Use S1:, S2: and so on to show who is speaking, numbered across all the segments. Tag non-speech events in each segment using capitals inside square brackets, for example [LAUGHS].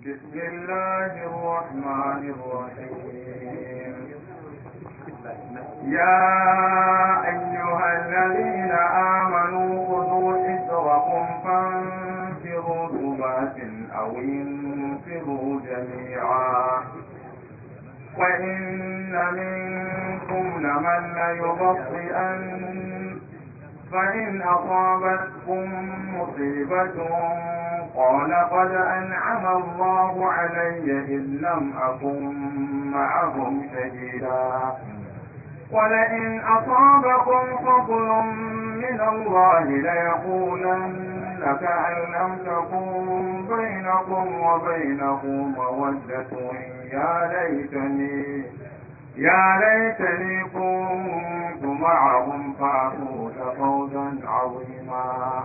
S1: بسم الله الرحمن الرحيم يا أيها الذين آمنوا خذوا حذركم فانفروا ثبات أو انفروا جميعا وإن منكم لمن ليبطئن فإن أصابتكم مصيبة قال قد أنعم الله علي إذ لم أكن معهم شهيدا ولئن أصابكم فضل من الله ليقولن كأن لم تكن بينكم وبينه مودة يا ليتني يا ليتني كنت معهم فأفوز فوزا عظيما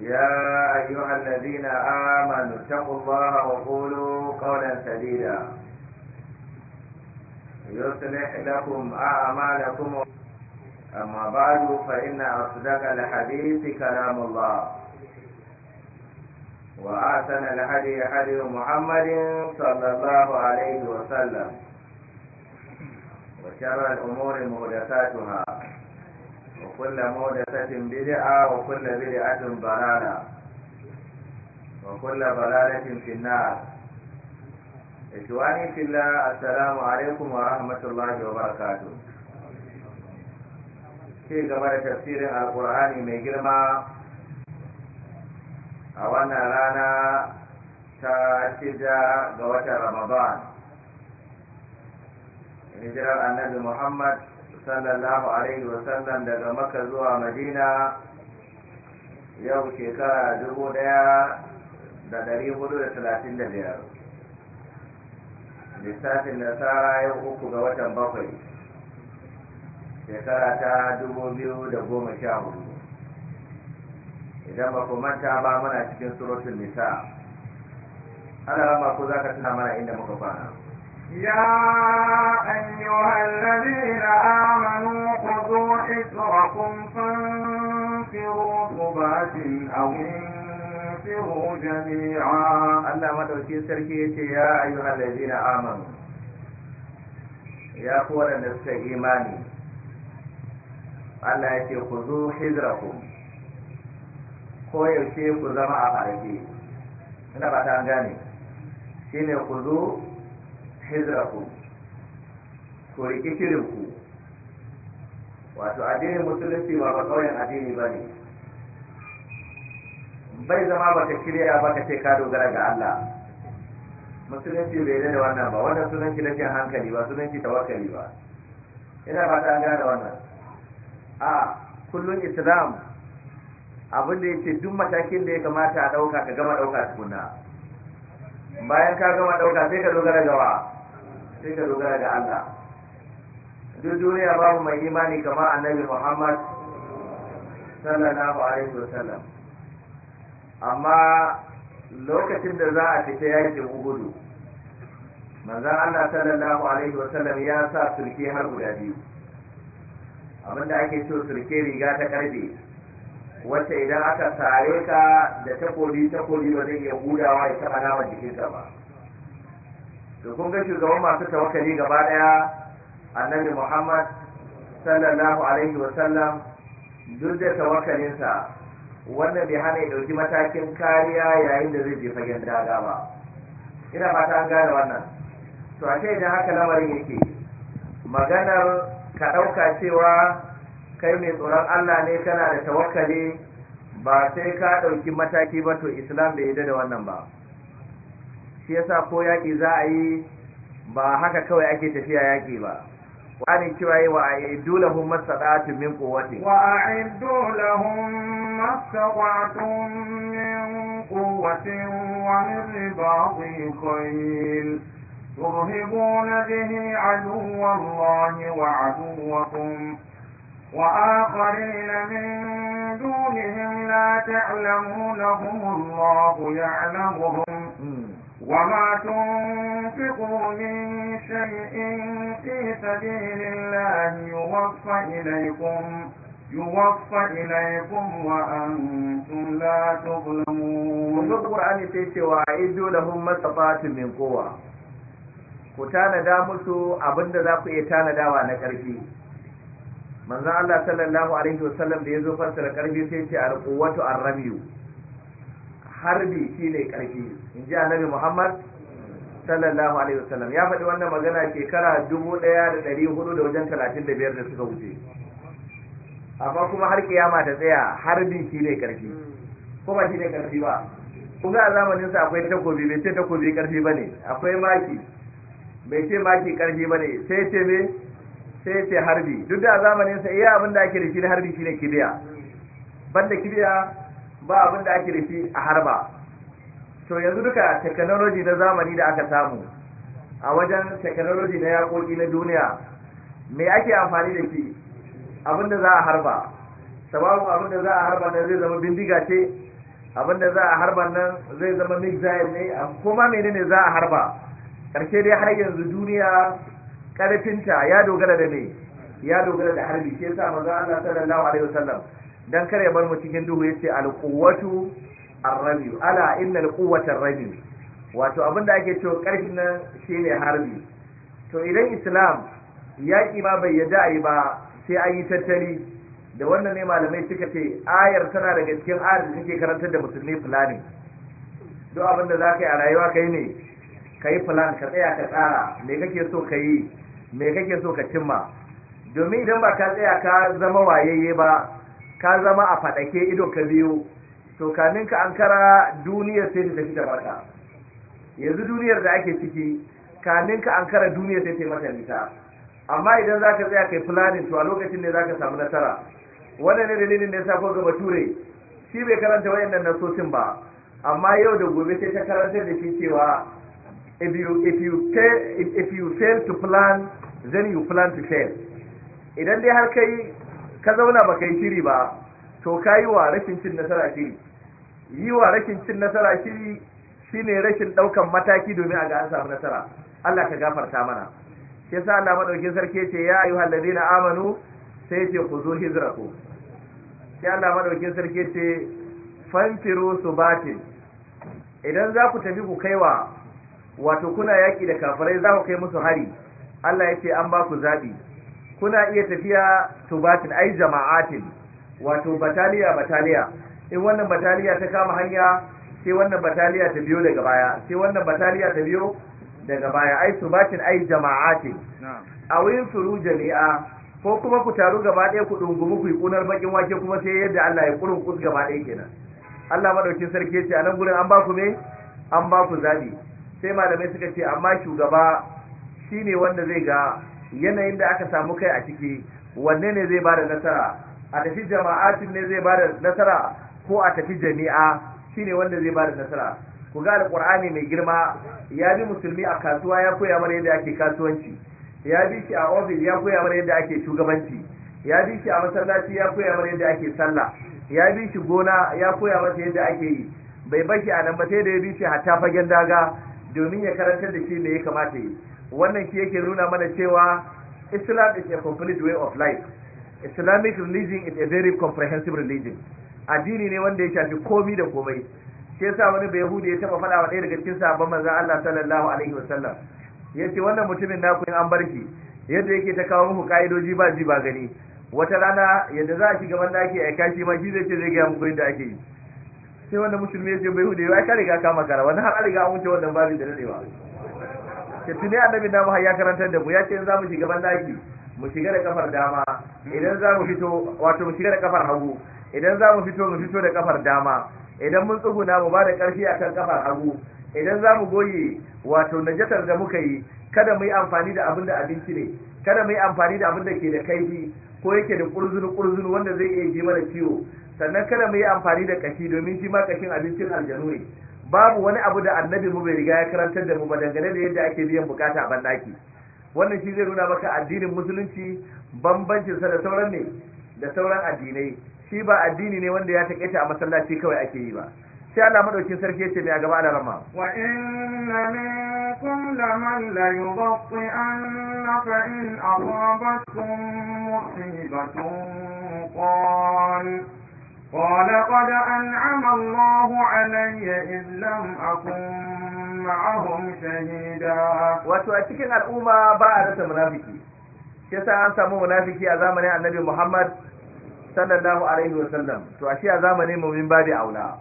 S2: يا أيها الذين آمنوا اتقوا الله وقولوا قولا سديدا يصلح لكم أعمالكم أما بعد فإن أصدق الحديث كلام
S1: الله وأحسن الهدي هدي محمد
S2: صلى الله عليه وسلم وشر الأمور محدثاتها وكل محدثة بدعة وكل بدعة ضلالة وكل ضلالة في النار إخواني في الله السلام عليكم ورحمة الله وبركاته في قبل تفسير القرآن من جرمى أولنا لنا تشجع قوة رمضان hijirar annabi محمد sallallahu alaihi wasallam daga maka zuwa madina yau shekara dubu daya da dari hudu da talatin da biyar lissafin nasara yau uku ga watan bakwai shekara ta dubu biyu da goma sha hudu idan ba ku manta ba muna cikin surutun nisa ana ba ku za ka tuna mana inda muka kwana
S1: يا أيها الذين آمنوا خذوا حذركم فانفروا ثبات أو انفروا جميعا الله ما دوكي سركي
S2: يا أيها الذين آمنوا يا أخوانا نفس إيماني Allah يكي خذوا ku zo hijirakum ko yaushe ku بعد أن جاني شيني خذوا hijrakum ku riƙi shirinku wato addinin musulunci ba kawai addini ba ne bai zama ba baka shirya baka ce ka dogara ga Allah musulunci bai da wannan ba wannan sunan na cin hankali ba sunan shi tawakkali ba ina fata an gane wannan a kullun islam abin da yake duk matakin da ya kamata a ɗauka ka gama ɗauka tukuna bayan ka gama ɗauka sai ka dogara wa sai ka dogara ga Allah duk duniya babu mai imani kamar annabi Muhammad sallallahu alaihi wasallam amma lokacin da za a fita yaki gudu manzon Allah sallallahu alaihi wasallam ya sa sulke har guda biyu abinda ake so sulke riga ta karbe wacce idan aka sare ka da takodi-takodi ba zai iya hudawa ya taɓa nama jikinka ba da kun ga shugaban masu tawakali gaba daya annabi muhammad sallallahu alaihi wa sallam duk da tawakkalinsa wannan bai hana ya dauki matakin kariya yayin da zai je fagen daga ba ina fata an gane wannan to a idan haka lamarin yake maganar ka ɗauka cewa kai mai tsoron allah ne kana da tawakkali ba sai ka ɗauki mataki ba to islam bai yi da wannan ba shi yasa ko yaƙi za a yi ba haka kawai ake tafiya yaƙi ba wani cewa yi wa a yi dole hun masarautu min kowace wa
S1: a yi dole hun masarautu min kowace wani riba su yi kwayil turhibu na zihi a duwar lahi wa a duwakun wa a kare na min dole hin la ta'alamu lahun lahu ya'alamu hun وما تنفقوا من شيء في سبيل الله يوفى إليكم يوفى إليكم وأنتم
S2: لا تظلمون وفي القرآن سيتي وأعدوا لهم ما استطعتم من ku tanada musu abinda za ku iya tanadawa na ƙarfi manzo Allah sallallahu alaihi wasallam da yazo fassara ƙarfi sai ce al-quwwatu ar-ramyu harbi shine ƙarfi in ji annabi muhammad sallallahu alaihi wasallam ya faɗi wannan magana shekara dubu ɗaya da ɗari hudu da wajen talatin da biyar da suka wuce amma kuma har kiyama ta tsaya harbi shine ƙarfi kuma shine ƙarfi ba kuma a zamanin sa akwai takobi bai ce takobi ƙarfi ba ne. akwai maki bai ce maki ba ne sai ce me sai ce harbi duk da a zamanin sa iya abin da ake da shi da harbi shine kibiya banda kibiya ba abin da ake rufi a harba to yanzu duka technology na zamani da aka samu a wajen technology na yakoki na duniya me ake amfani da shi abin da za a harba sababin abin da za a harba nan zai zama bindiga ce abin da za a harba nan zai zama mixile ne kuma menene za a harba karshe dai har yanzu duniya karfinta ya dogara da ne ya dogara da harbi shi sa manzo Allah sallallahu alaihi wasallam dan kare bar mu cikin duhu yace ar rami. ala inna ar rami. wato abinda ake cewa karfi nan shine harbi to idan islam yaki ma bai yadda ai ba sai an yi tattali da wannan ne malamai suka ce ayar tana daga cikin ayar da karantar da musulmi fulani duk abin da za ka a rayuwa kai ne ka yi fulan ka tsaya ka tsara me kake so ka yi me kake so ka cimma domin idan ba ka tsaya ka zama wayayye ba ka zama a faɗake idon ka biyu to kamin ka an duniyar sai ta tafi ta mata yanzu duniyar da ake ciki kamin ka an duniyar sai ta mata nita amma idan za ka tsaya kai planning to a lokacin ne za ka samu nasara wannan ne dalilin da ya sa ko ga bature shi bai karanta wayannan nasosin ba amma yau da gobe sai ta karanta da shi cewa if you if you fail, if you fail to plan then you plan to fail idan dai har kai ka zauna ba yi shiri ba to ka yi wa rashin cin nasara shiri yi wa rashin cin nasara shiri shine rashin ɗaukan mataki domin a ga an samu nasara Allah ka gafarta mana shi yasa Allah madaukin sarki ce ya ayyuhal ladina amanu sai ce ku zo hijrakum shi Allah madaukin sarki ce su subatin idan za ku tafi ku kaiwa wato kuna yaƙi da kafirai za ku kai musu hari Allah ya ce an ba ku zabi kuna iya tafiya tubatin ai jama'atin wato bataliya bataliya in wannan bataliya ta kama hanya sai wannan bataliya ta biyo daga baya sai wannan bataliya ta biyo daga baya ai tubatin ai jama'atin a wurin furu jami'a ko kuma ku taru gaba ɗaya ku dungumu ku yi kunar bakin wake kuma sai yadda Allah ya kurun kus gaba ɗaya kenan Allah madaukin sarki ce a nan gurin an ba ku me an ba ku zabi sai malamai suka ce amma shugaba shine wanda zai ga yanayin da aka samu kai a ciki wanne ne zai bada nasara a tafi jama'atin ne zai bada nasara ko a tafi jami'a shine wanda zai bada nasara ku ga alqur'ani mai girma ya bi musulmi a kasuwa ya koya mana yadda ake kasuwanci ya bi shi a ofis ya koya mana yadda ake shugabanci ya bi shi a masallaci ya koya mana yadda ake sallah ya bi shi gona ya koya masa yadda ake yi bai bashi a nan ba sai da ya bi shi hatta fagen daga domin ya karantar da shi da ya kamata yi wannan shi yake nuna mana cewa islam is a complete way of life islamic religion is a very comprehensive religion addini ne wanda ya shafi komi da komai shi yasa wani bai yahudi ya taba faɗa wa ɗaya daga cikin sahabban manzo Allah sallallahu alaihi wasallam yace wannan mutumin na ku an barki yadda yake ta kawo muku ka'idoji ba ji ba gani wata rana yadda za a shiga banda ake aika shi ma shi zai ce zai gaya muku inda ake yi sai wannan musulmi ya ce bai hudu ya ka riga kama kara wani har an riga an wuce wannan babin da dadewa ce tuni annabi namu har ya karantar da mu ya ce za mu shiga banɗaki mu shiga da kafar dama idan za mu fito wato mu shiga da kafar hagu idan za mu fito mu fito da kafar dama idan mun tsuguna mu ba da ƙarfi kan kafar hagu idan za mu goye wato najatar da muka yi kada mu yi amfani da abin da abinci ne kada mu yi amfani da abin da ke da kaifi ko yake da ƙurzunu kurzunu wanda zai iya ji mana ciwo sannan kada mu yi amfani da kashi domin shi ma kashin abincin aljanu ne babu wani abu da annabi mu bai riga ya karantar da mu ba dangane da yadda ake biyan bukata a banɗaki? wannan shi zai nuna maka addinin musulunci bambancin sa da sauran ne da sauran addinai shi ba addini ne wanda ya ta a masallaci kawai ake yi ba sai Allah madaukin sarki yace mai a gaba da rama
S1: wa inna minkum laman la yughatti an fa in asabatkum musibatun qan قال قد أنعم الله علي إذ لم أكن معهم شهيدا
S2: وتؤتكن الأمة بعد منافقي yasa an samu munafiki a zamanin annabi Muhammad sallallahu alaihi wa sallam to ashe a zamanin mumin babi aula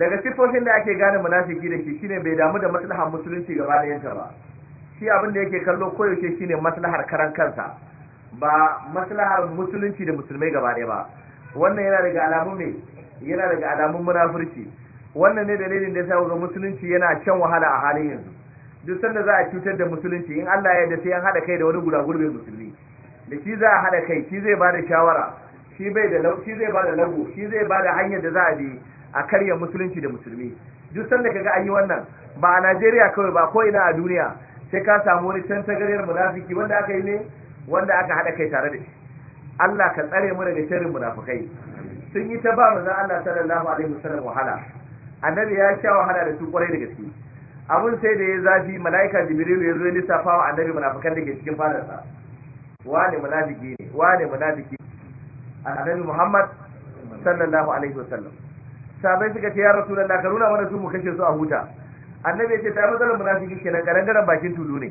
S2: daga sifofin da ake gane munafiki da shi shine bai damu da maslahar musulunci gaba da yanka ba shi abin da yake kallo koyaushe shine maslahar karan kansa ba maslahar musulunci da musulmai gaba ɗaya ba wannan yana daga alamun ne yana daga alamun munafurci wannan ne dalilin da yasa ga musulunci yana can wahala a halin yanzu duk sanda za a cutar da musulunci in Allah ya yarda sai an haɗa kai da wani guda gurbin musulmi da shi za a haɗa kai shi zai bada shawara shi bai da shi zai bada lagu shi zai bada hanyar da za a bi a karya musulunci da musulmi duk sanda kaga an yi wannan ba a Najeriya kawai ba ko ina a duniya sai ka samu wani can tagariyar munafiki wanda aka yi ne wanda aka hada kai tare da shi Allah ka tsare mu daga shirin munafikai sun yi ta ba manzon Allah sallallahu alaihi wasallam wahala annabi ya sha wahala da su kwarai da gaske abun sai da ya zafi malaika jibril ya zo ya lissafa wa annabi munafikan da ke cikin sa wane munafiki ne wane munafiki annabi Muhammad sallallahu alaihi wasallam sabai suka ce ya rasulullahi ka nuna mana su mu kashe su a huta annabi ya ce ta matsalar munafiki kenan garangaran bakin tulu ne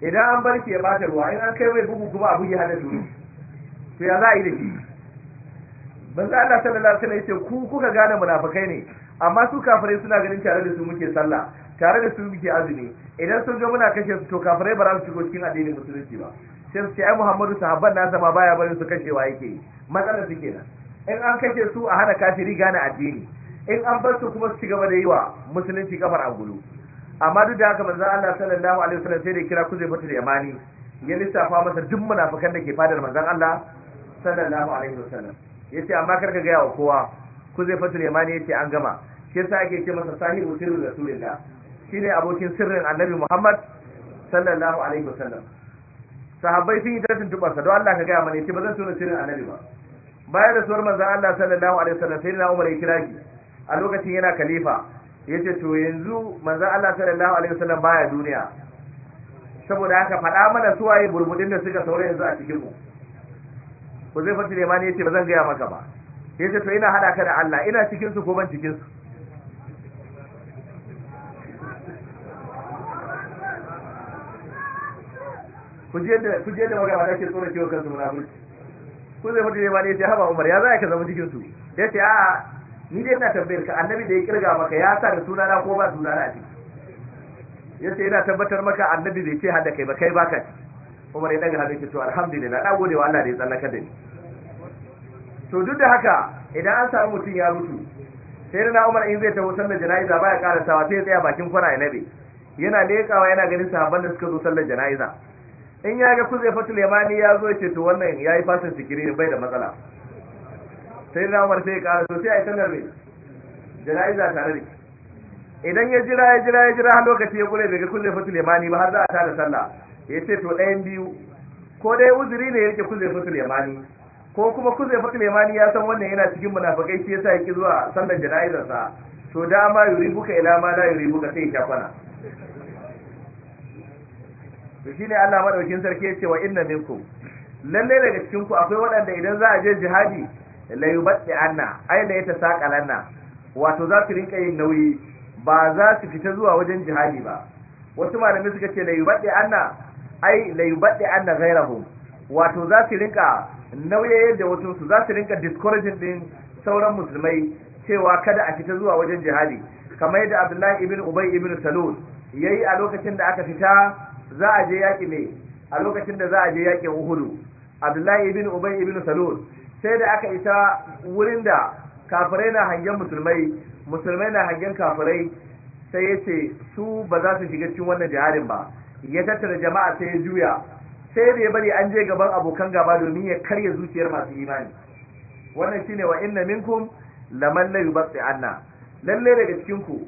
S2: idan an bar ke batarwa, bata ruwa in an kai mai bugu kuma abu ya hana duru to ya za a yi da shi banza Allah sallallahu alaihi wasallam yace ku kuka gane munafikai ne amma su kafirai suna ganin tare da su muke sallah tare da su muke azumi idan sun ga muna kashe su to kafirai ba za su shigo cikin addinin musulunci ba sai su ce ai Muhammadu sahabban na zama baya barin su kashewa yake yi matsalar su nan. in an kashe su a hana kafiri gane addini in an bar su kuma su ci gaba da yi wa musulunci kafar a gudu. amma duk da haka manzon Allah sallallahu alaihi wasallam sai da kira kuzai da yamani ya lissafa masa duk munafikan da ke fadar manzon Allah sallallahu alaihi wasallam yace amma kar ka ga yawa kowa kuzai da yamani yace an gama shi yasa ake ce masa sahibu sirrul rasulillah shine abokin sirrin annabi Muhammad sallallahu alaihi wasallam sahabbai sun yi ta tuntuɓar sa don Allah ka gaya mana yace ba zan tona sirrin annabi ba bayan da suwar manzon Allah sallallahu alaihi wasallam sai na Umar ya kira shi a lokacin yana khalifa yace to yanzu manzon Allah sallallahu alaihi wasallam baya duniya saboda haka faɗa mana suwaye burbudin da suka saura yanzu a cikin mu ko zai fasi neman yace ba zan gaya maka ba yace to ina hada ka da Allah ina cikin su ko ban cikin su ku je da magana da ke tsoron kewa kansu munafurci ku zai fadi neman yace haba Umar ya za ka zama cikin su yace a'a ni dai ina tambayar ka annabi da ya kirga maka ya sa da sunana ko ba sunana a ciki yace ina tabbatar maka annabi bai ce hada kai ba kai baka ci Umar ya daga hadisi to alhamdulillah na gode wa Allah da ya tsallaka da ni to duk da haka idan an samu mutum ya mutu sai na Umar in zai tafi sallar jana'iza baya karasawa sai ya tsaya bakin fara ya nabe yana da lekawa yana ganin sahabban da suka zo sallar jana'iza in ya ga kuzai fatul yamani ya zo ya ce to wannan yayi fasin sikiri bai da matsala sai na umar sai ya ƙara sosai a yi sallar mai jana'iza tare da idan ya jira ya jira ya jira har lokaci ya kure daga kulle fasu lemani ba har za a tada sallah ya ce to ɗayan biyu ko dai uzuri ne ya rike kulle fasu lemani, ko kuma kulle fasu lemani ya san wannan yana cikin munafikai shi ya ƙi zuwa sallar jana'izar sa to dama buka ila ma la buka sai ya kwana to shine Allah madaukin sarki ya ce wa inna minkum lalle daga cikin ku akwai waɗanda idan za a je jihadi la yubatti anna ai la yatasaqalanna wato za su rinka yin nauyi ba za su fita zuwa wajen jihadi ba wasu malamai suka ce la yubatti anna ai la yubatti anna ghayrahum wato za su rinka nauyayen yadda wato su za su rinka discouraging din sauran musulmai cewa kada a fita zuwa wajen jihadi kamar yadda Abdullahi ibn Ubay ibn Salul yayi a lokacin da aka fita za a je yaki ne a lokacin da za a je yakin Uhud Abdullahi ibn Ubay ibn Salul sai da aka isa wurin da kafirai na hangen musulmai musulmai na hangen kafirai sai ya ce su ba za su shiga cikin wannan jihadin ba ya tattara jama'a sai ya juya sai da ya bari an je gaban abokan gaba domin ya karya zuciyar masu imani wannan shine wa inna minkum laman la yubti anna lalle daga cikin ku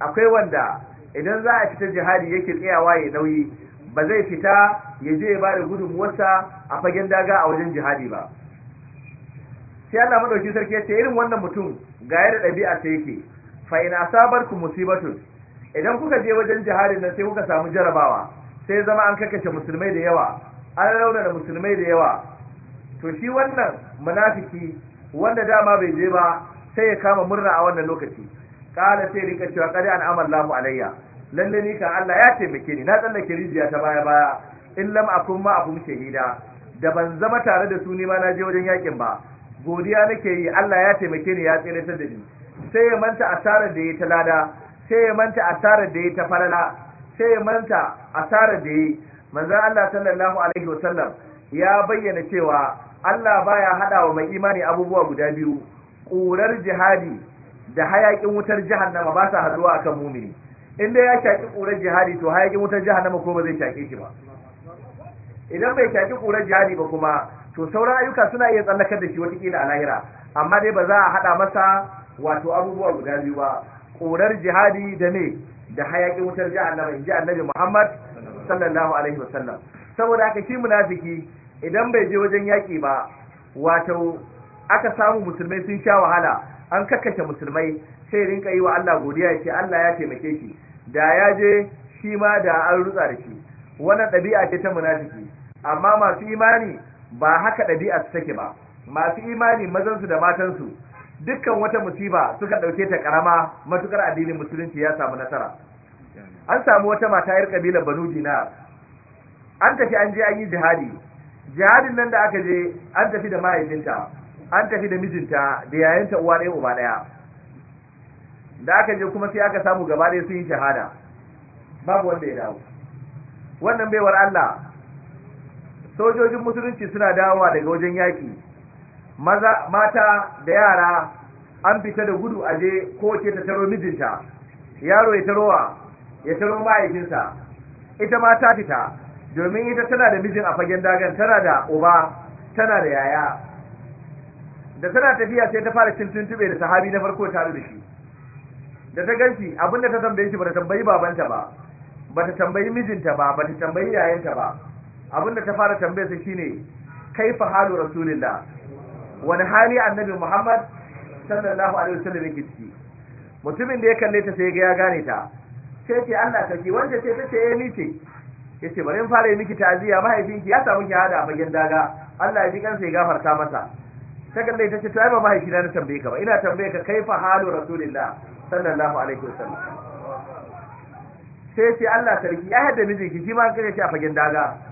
S2: akwai wanda idan za a fita jihadi yake tsayawa ya nauyi ba zai fita ya je ya bada gudunmuwarsa a fagen daga a wajen jihadi ba sai Allah madauki sarki yace irin wannan mutum ga yadda ɗabi'a ta yake fa ina sabarku musibatun idan kuka je wajen jihadin nan sai kuka samu jarabawa sai zama an kakkace musulmai da yawa an rauna da musulmai da yawa to shi wannan munafiki wanda dama bai je ba sai ya kama murna a wannan lokaci kala sai rika cewa qad an lahu alayya lalle ni kan Allah ya taimake ni na tsallake rijiya ta baya baya in lam akun ma akum shahida da ban zama tare da su ne ma na je wajen yakin ba godiya nake yi Allah ya taimake ni ya tsiratar da ni sai ya manta asarar da ya ta lada sai ya manta asarar da ya ta falala sai ya manta asarar da ya manzon Allah sallallahu alaihi wasallam ya bayyana cewa Allah baya hada mai imani abubuwa guda biyu Kurar jihadi da hayakin wutar jahannama ba sa haduwa akan mumini in dai ya shaki kurar jihadi to hayakin wutar jahannama ko ba zai shake shi ba idan bai shaki kurar jihadi ba kuma to sauran ayyuka suna iya tsallakar da shi watakila a lahira amma dai ba za a haɗa masa wato abubuwa guda biyu ba ƙorar jihadi da ne da hayaƙin wutar ji annabi ji annabi muhammad sallallahu alaihi wasallam saboda aka shi munafiki idan bai je wajen yaƙi ba wato aka samu musulmai sun sha wahala an kakkashe musulmai sai rinka yi wa Allah godiya ya ce Allah ya taimake shi da ya je shi ma da an rutsa da shi wannan ɗabi'a ce ta munafiki amma masu imani ba haka ɗabi'a su take ba masu imani mazansu da matansu dukkan wata musiba suka ɗauke ta ƙarama matukar addinin musulunci ya samu nasara an samu wata mata yar kabilar banu dinar an tafi an je an yi jihadi jihadin nan da aka je an tafi da mahaifinta an tafi da mijinta da yayinta uwa ɗaya uba ɗaya da aka je kuma sai aka samu gaba ɗaya sun yi shahada babu wanda ya dawo wannan baiwar Allah sojojin musulunci suna dawowa daga wajen yaƙi maza mata da yara an fita da gudu aje ke ta taro mijinta yaro ya tarowa ya taro mahaifinsa ita ma ta fita domin ita tana da mijin a fagen dagan tana da uba tana da yaya da tana tafiya sai ta fara cin tuntube da sahabi na farko tare da shi da ta ganshi abinda ta tambaye shi ba ta tambayi babanta ba ba ta tambayi mijinta ba ba ta tambayi yayanta ba abinda ta fara tambayar sa shine kaifa halu rasulillah wani hali annabi muhammad sallallahu alaihi wasallam yake ciki mutumin da ya kalle ta sai ga ya gane ta sai ce Allah sarki wanda ce ta ce ya eh, ni ce yace bari in fara yi miki ta'aziya mahaifinki ya samu ki hada a daga Allah ya ji kansa ya gafarta masa ta kalle ta ce to ai ba mahaifina na tambaye ka ba ina tambaye ka kaifa halu rasulillah sallallahu alaihi wasallam sai ce Allah sarki ya hada mijinki shi ma kace a fagen daga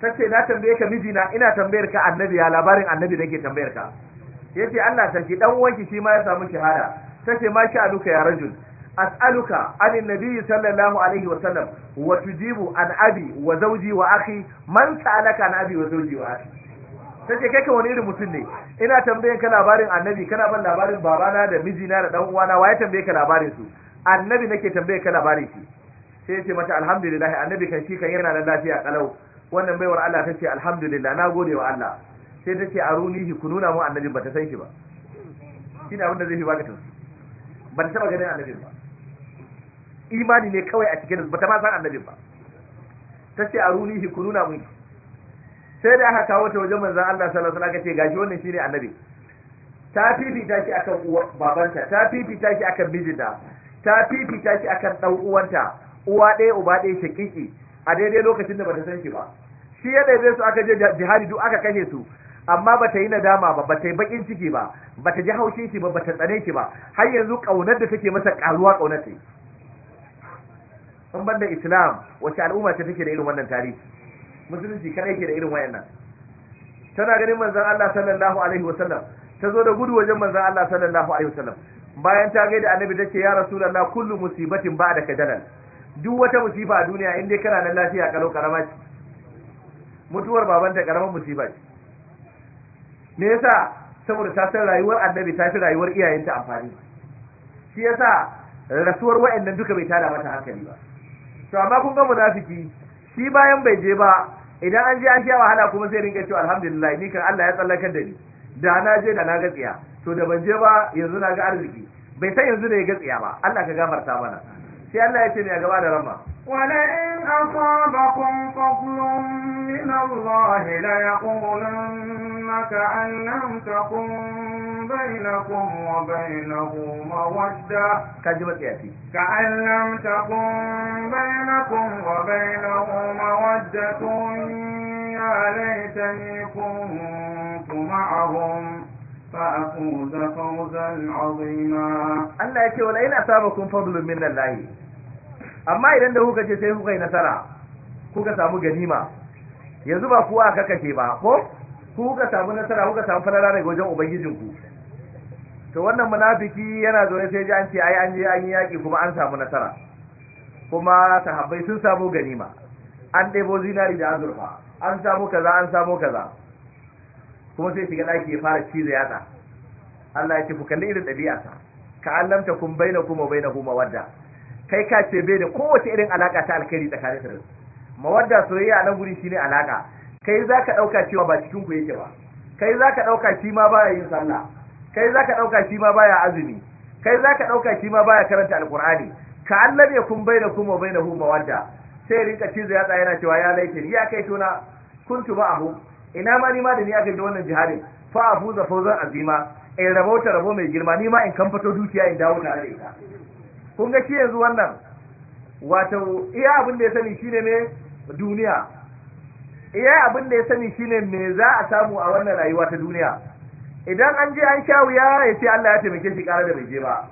S2: ta ce na tambaye ka mijina ina tambayar ka annabi ya labarin annabi nake tambayar ka ya ce Allah sarki dan uwanki shi ma ya samu shahada ta ce ma aluka ya rajul as'aluka anin nabiyyi sallallahu alaihi wa sallam wa tujibu an abi wa zawji wa akhi man sa'alaka an abi wa zawji wa akhi ta ce kai ka wani irin mutum ne ina tambayan ka labarin annabi kana ban labarin babana da mijina da dan uwana ya tambaye ka labarin su annabi nake tambaye ka labarin shi sai ya ce mata alhamdulillah annabi kan shi kan yana nan lafiya kalau wannan baiwar Allah ta ce alhamdulillah na gode wa Allah sai ta ce arunihi ku nuna mu annabi ba ta san shi ba shi ne abinda zai fi baka tausayi ba ta taɓa ganin annabi ba imani ne kawai a cikin ba ta ma san annabi ba ta ce arunihi ku nuna mun sai da aka kawo ta wajen manzon Allah sallallahu alaihi wasallam aka ce gashi wannan shine annabi ta fifita shi akan babanta ta fifita shi akan mijinta ta fifita shi akan dan uwanta uwa ɗaya uba ɗaya shakiki a daidai lokacin da bata san shi ba shi ya zai su aka je jihadi duk aka kashe su amma bata yi nadama ba bata yi bakin ciki ba bata ji haushin shi ba bata tsane shi ba har yanzu kaunar da take masa karuwa kaunar ta ban banda islam wace al'umma ce take da irin wannan tarihi musulunci kada yake da irin wayannan tana ganin manzon Allah sallallahu alaihi wasallam ta zo da gudu wajen manzon Allah sallallahu alaihi wasallam bayan ta gaida annabi take ya rasulullah kullu musibatin ba'da kadalal duk wata musifa a duniya in dai kana nan lafiya kalau karama ce mutuwar babanta karamar musifa ce me sa saboda ta san rayuwar annabi ta fi rayuwar iyayenta amfani shi yasa rasuwar wa'annan duka bai tada mata hankali ba to amma kun ga munafiki shi bayan bai je ba idan an je an sha wahala kuma sai rinka cewa alhamdulillah ni kan Allah ya tsallakar da ni da na je da na ga tsiya to da ban je ba yanzu na ga arziki bai san yanzu da ya ga tsiya ba Allah ka gafarta mana sai Allah ya ce mai gaba da rama.
S1: Wala'in asabakum faglun min Allah la yaqulunna ka an lam takum bainakum wa bainahu mawadda. Ka ji matsaya fi. Ka an lam takum bainakum wa bainahu mawadda tun ya laitani kuntu ma'ahum. Allah ya عظيما
S2: الله yana ولا إن أصابكم layi Amma idan da kuka ce sai kuka yi nasara, kuka samu ganima, yanzu ba kuwa aka kashe ba ko ku kuka samu nasara kuka samu falala daga wajen ubangijinku to wannan munafiki yana zaune sai ji an ce ai an je an yi yaki kuma an samu nasara kuma sahabbai sun samu ganima an ɗebo zinari da azurfa an samu kaza an samu kaza kuma sai shiga daki ya fara ciza yatsa Allah ya ce ku kalli irin dabi'arsa ka allamta kun baina kuma baina kuma wadda kai ka ce bai da kowace irin alaka ta alkhairi tsakanin su mawadda soyayya a nan guri shine alaka kai zaka dauka cewa ba cikin ku yake ba kai zaka dauka shi ma baya yin sallah kai zaka dauka shi ma baya azumi kai zaka dauka shi ma baya karanta alqur'ani ka allam kun baina kuma baina kuma wadda sai rinka cizo yatsa yana cewa ya laifin ya kai tona kuntu abu. ina ma ni ma da ni aka yi wannan jiharin fa a fuza fauzan azima in ta rabo mai girma ni ma in kan fito dukiya in dawo da ita kun ga shi yanzu wannan wato iya abin da ya sani shine ne duniya iya abin da ya sani shine me za a samu a wannan rayuwa ta duniya idan an je an sha wuya ya ce Allah ya taimake shi ƙara da bai je ba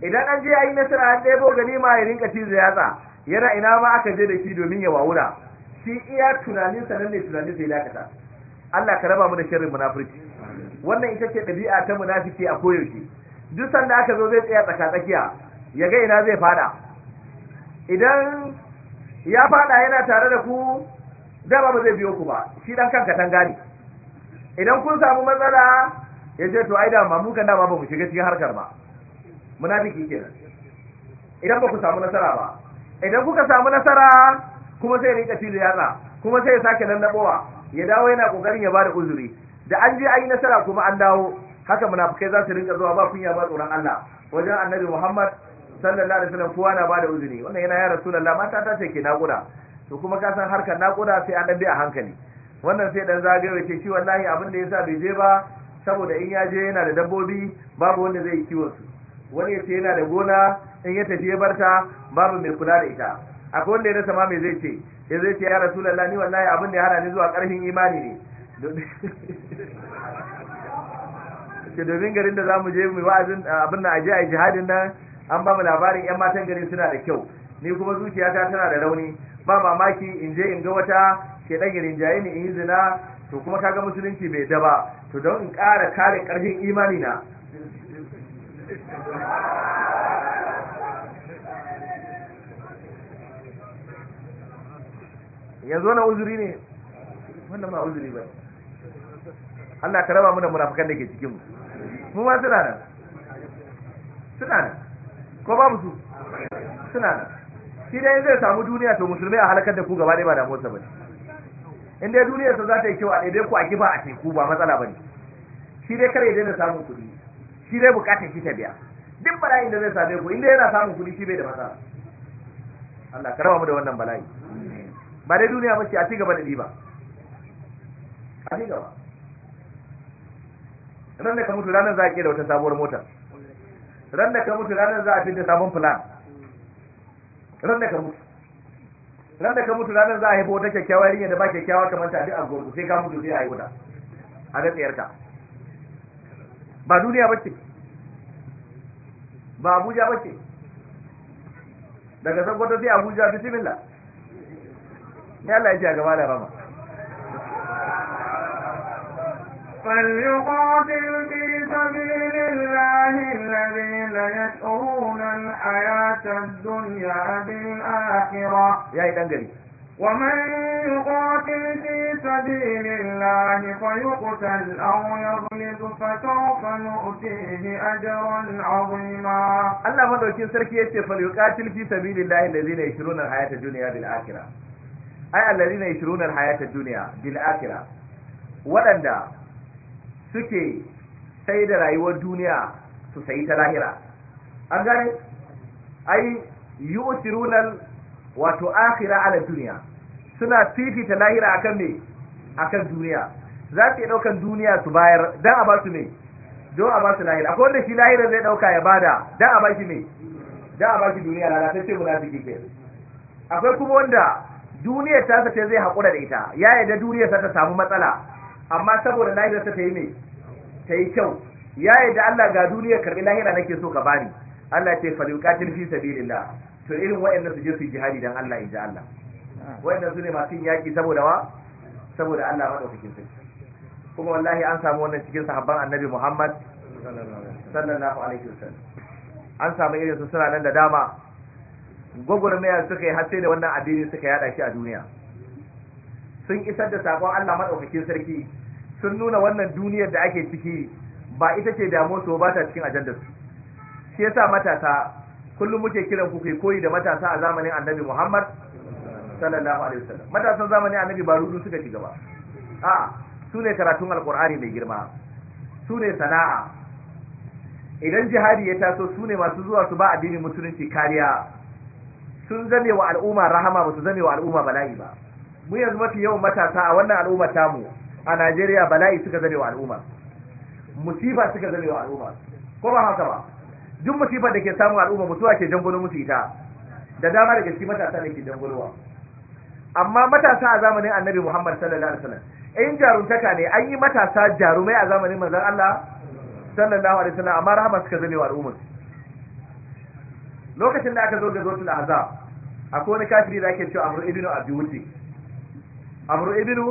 S2: idan an je an yi nasara an ɗebo ma ya rinka cizza yatsa yana ina ma aka je da shi domin ya wawura shi iya tunaninsa nan ne tunaninsa ya dakata Allah ka raba mu da shirin munafurci wannan ita ce ɗabi'a ta munafiki a koyaushe duk sanda aka zo zai tsaya tsaka tsakiya ya ga ina zai fada idan ya fada yana tare da ku da ba zai biyo ku ba shi dan kanka dan ne idan kun samu matsala ya ce to ai ma mu kan ba ba mu shiga cikin harkar ba munafiki kenan idan ba ku samu nasara ba idan kuka samu nasara kuma sai ya rika fili yatsa kuma sai ya sake lallabowa ya dawo yana kokarin ya bada uzuri da an je ayi nasara kuma an dawo haka munafikai za su rinka zuwa ba kunya ba tsoron Allah wajen annabi Muhammad sallallahu alaihi wasallam kowa na bada uzuri wannan yana ya rasulullah mata ta ce ke nakuda to kuma ka san harkar nakuda sai an dan a hankali wannan sai dan zagaye ce shi wallahi abin da yasa bai je ba saboda in ya je yana da dabbobi babu wanda zai kiwo su wani ya ce yana da gona in ya tafi ya barta babu mai kula da ita akwai wanda ya rasa ma zai ce ya zai ce ya rasulallah ni wallahi abin da ya hana ni zuwa karfin imani ne ke [LAUGHS] domin garin da za mu je mu wa'azin abin na aje a jihadin nan an ba mu labarin yan matan garin suna da kyau ni kuma zuciyata tana da rauni ba mamaki in je in ga wata ke garin jaye ne in yi zina to kuma kaga musulunci bai da ba to don in kara kare karfin imani na yanzu wani uzuri ne wannan ba uzuri ba Allah ka raba mu da da ke cikin mu mu ma suna nan suna nan ko babu su suna nan shi dai zai samu duniya to musulmai a halakar da ku gaba ɗaya ba da motsa bane in dai duniya ta za ta yi kyau a ɗaiɗai ku a kifa a teku ba matsala bane shi dai kare daina samun kuɗi shi dai buƙatar shi ta biya duk bala'in da zai same ku in dai yana samun kuɗi shi bai da matsala Allah ka raba mu da wannan bala'i ba dai duniya ba ce a cigaba da ɗiba a cigaba ran da ka mutu ranar za a ƙera wata sabuwar mota ran da ka mutu ranar za a da sabon filan ran da ka mutu ran da ka mutu ranar za a haifa wata kyakkyawa yin da ba kyakkyawa kamar ta a gurgu sai ka mutu sai a yi wuta a ga tsayarka ba duniya ba ce ba abuja ba ce daga zangwata sai abuja bisimila. sai Allah ya ce a gaba da rama
S1: فليقاتل في سبيل الله الذين يشعرون الحياة الدنيا بالآخرة يا إدنجلي ومن يقاتل في سبيل الله فيقتل أو يغلب فسوف نؤتيه أجرا
S2: عظيما الله مدوكين سركي يتفل يقاتل في سبيل الله الذين يشعرون الحياة الدنيا بالآخرة ai allazina yashruna alhayata ad-dunya bil akhirah wadanda suke sai da rayuwar duniya su sayi ta lahira an gane ai yusiruna wato akhira ala dunya suna ta lahira akan me akan duniya za su daukan duniya su bayar dan a ba su ne don a ba su lahira akwai wanda shi lahira zai dauka ya bada dan a ba shi ne dan a ba shi duniya ce munafiki ke akwai kuma wanda duniyar ta ce zai haƙura da ita ya yarda duniyar ta samu matsala amma saboda lahirar ta yi mai ta yi kyau ya yarda Allah ga duniyar karbi lahira nake so ka bani Allah ce falyuqatil fi sabilillah to irin waɗannan su je su jihadi dan Allah inji Allah waɗannan su ne masu yaki saboda wa saboda Allah madaukakin su. kuma wallahi an samu wannan cikin sahabban annabi Muhammad sallallahu alaihi wasallam an samu irin su suna nan da dama gwagwarmaya suka yi har sai da wannan addini suka yada shi a duniya sun isar da sakon Allah madaukakin sarki sun nuna wannan duniyar da ake ciki ba ita ce damuwar su ba ta cikin ajandar su shi yasa matasa kullum muke kiran ku kai koyi da matasa a zamanin Annabi Muhammad sallallahu alaihi wasallam matasan zamanin Annabi ba rudu suka ci gaba a su ne karatun alkur'ani mai girma su ne sana'a idan jihadi ya taso su ne masu zuwa su ba addinin mutunci kariya sun zame wa al'umma rahama ba su zame wa al'umma bala'i ba mu yanzu mafi yawan matasa a wannan al'umma tamu a Najeriya bala'i suka zame wa al'umma musifa suka zame wa al'umma ko ba haka ba duk musifar da ke samun al'umma mutuwa ke jangono musu ita da dama da gaske matasa da ke jangonowa amma matasa a zamanin annabi Muhammad sallallahu alaihi wasallam in jaruntaka ne an yi matasa jarumai a zamanin manzon Allah sallallahu alaihi wasallam amma rahama suka zame wa al'umma lokacin da aka zo ga zotul azab akwai wani kafiri da ake cewa amru ibnu abdiwudi amru ibnu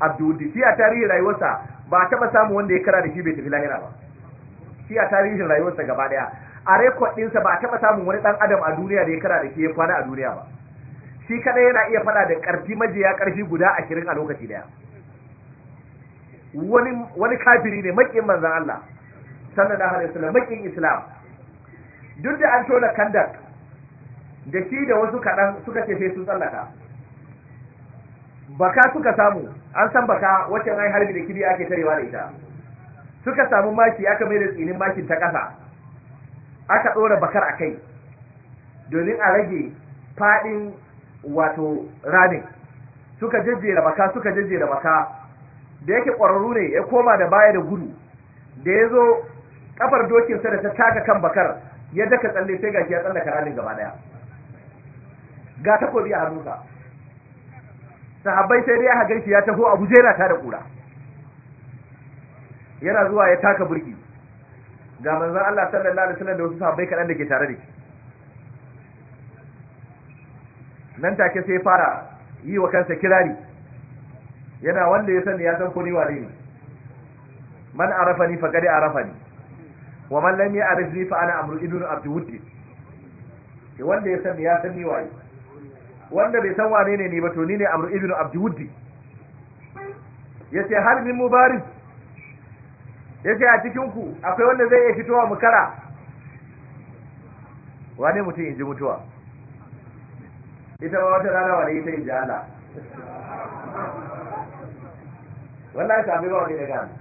S2: abdiwudi shi a tarihin rayuwarsa ba taba samu wanda ya kara da shi bai tafi lahira ba shi a tarihin rayuwarsa gaba daya a rekod ɗinsa ba taba samun wani dan adam a duniya da ya kara da shi ya kwana a duniya ba shi kada yana iya fada da karfi majiya karfi guda ashirin a lokaci daya wani kafiri ne makin manzan Allah sannan da hannun islam makin islam duk da an tona kandar da shi da wasu kaɗan suka ce sai sun tsallaka baka suka samu an san baka wacce ai harbi da kibi ake tarewa da ita suka samu maki aka mai da tsinin makin ta ƙasa aka ɗora bakar a kai domin a rage faɗin wato ramin suka jejjera baka suka jejjera baka da yake ƙwararru ne ya koma da baya da gudu da ya zo ƙafar dokinsa da ta taka kan bakar ya daka tsalle sai gaki ya tsallaka ramin gaba daya ga takobi a hannunsa sahabbai sai dai aka gaishe ya taho abu ta ta da kura yana zuwa ya taka burki ga manzon Allah sallallahu alaihi wasallam da wasu sahabbai kadan da ke tare da shi nan take sai fara yi wa kansa kirari yana wanda ya sani ya san ko ni wane ne man arafani gadi arafani wa man lam ya'rif li fa ana amru ibn abd wuddi ke wanda ya san ya ni waye wanda bai san wane ne ni ba to ni ne amru ibn abd wuddi yace har min mubarik yace a cikin ku akwai wanda zai iya fitowa mu kara wane mutum inji mutuwa ita ba wata rana wane ita inji Allah wallahi sahabi ba wani da gani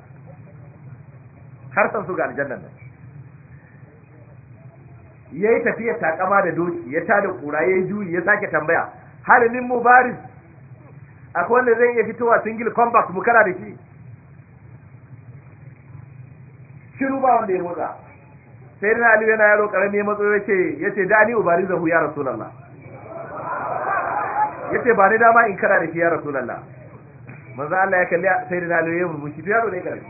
S2: har san su ga aljannan nan ya yi tafiya takama da doki ya tada kura ya yi juyi ya sake tambaya halimin mubaris akwai wanda zai iya fitowa single combat mu kara da shi shiru ba wanda ya motsa sai na aliyu yana yaro karami ya matso ya ce ya ce da ni ubari zahu ya rasulallah ya ce ba ni dama in kara da shi ya rasulallah manzo Allah ya kalli sai na aliyu ya murmushi yaro ne karami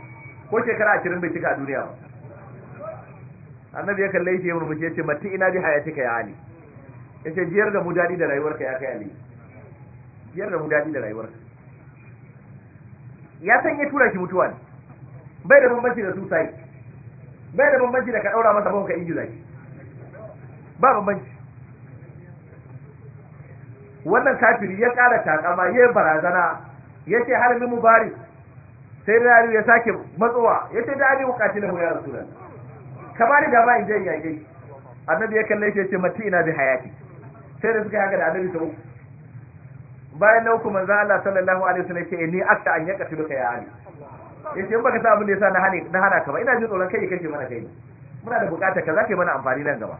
S2: ko shekara 20 bai cika a duniya ba annabi ya kalle shi ya murmushi ya ce mati ina bi hayatika ya ali ya ce jiyar da mu daɗi da rayuwarka ya kai ali jiyar da mu daɗi da rayuwarka ya san ya tura shi mutuwa ne bai da bambanci da suicide bai da bambanci da ka ɗaura masa ba ka inji zai ba bambanci wannan kafiri ya ƙara takama ya barazana ya ce halin mubarak sai da ya sake matsowa ya ce da ali wukati na mu ya rasulullah ka ba ni dama in je in yage annabi ya kalle shi ce mati ina bi hayati sai da suka haka da annabi uku. bayan na uku manzo Allah sallallahu alaihi wasallam ce ni akta an yaka tuduka ya ali yace in baka sa abin da yasa na hane na hana ka ba ina jin tsoron kai kake mana kai muna da bukata ka zaka yi mana amfani nan gaba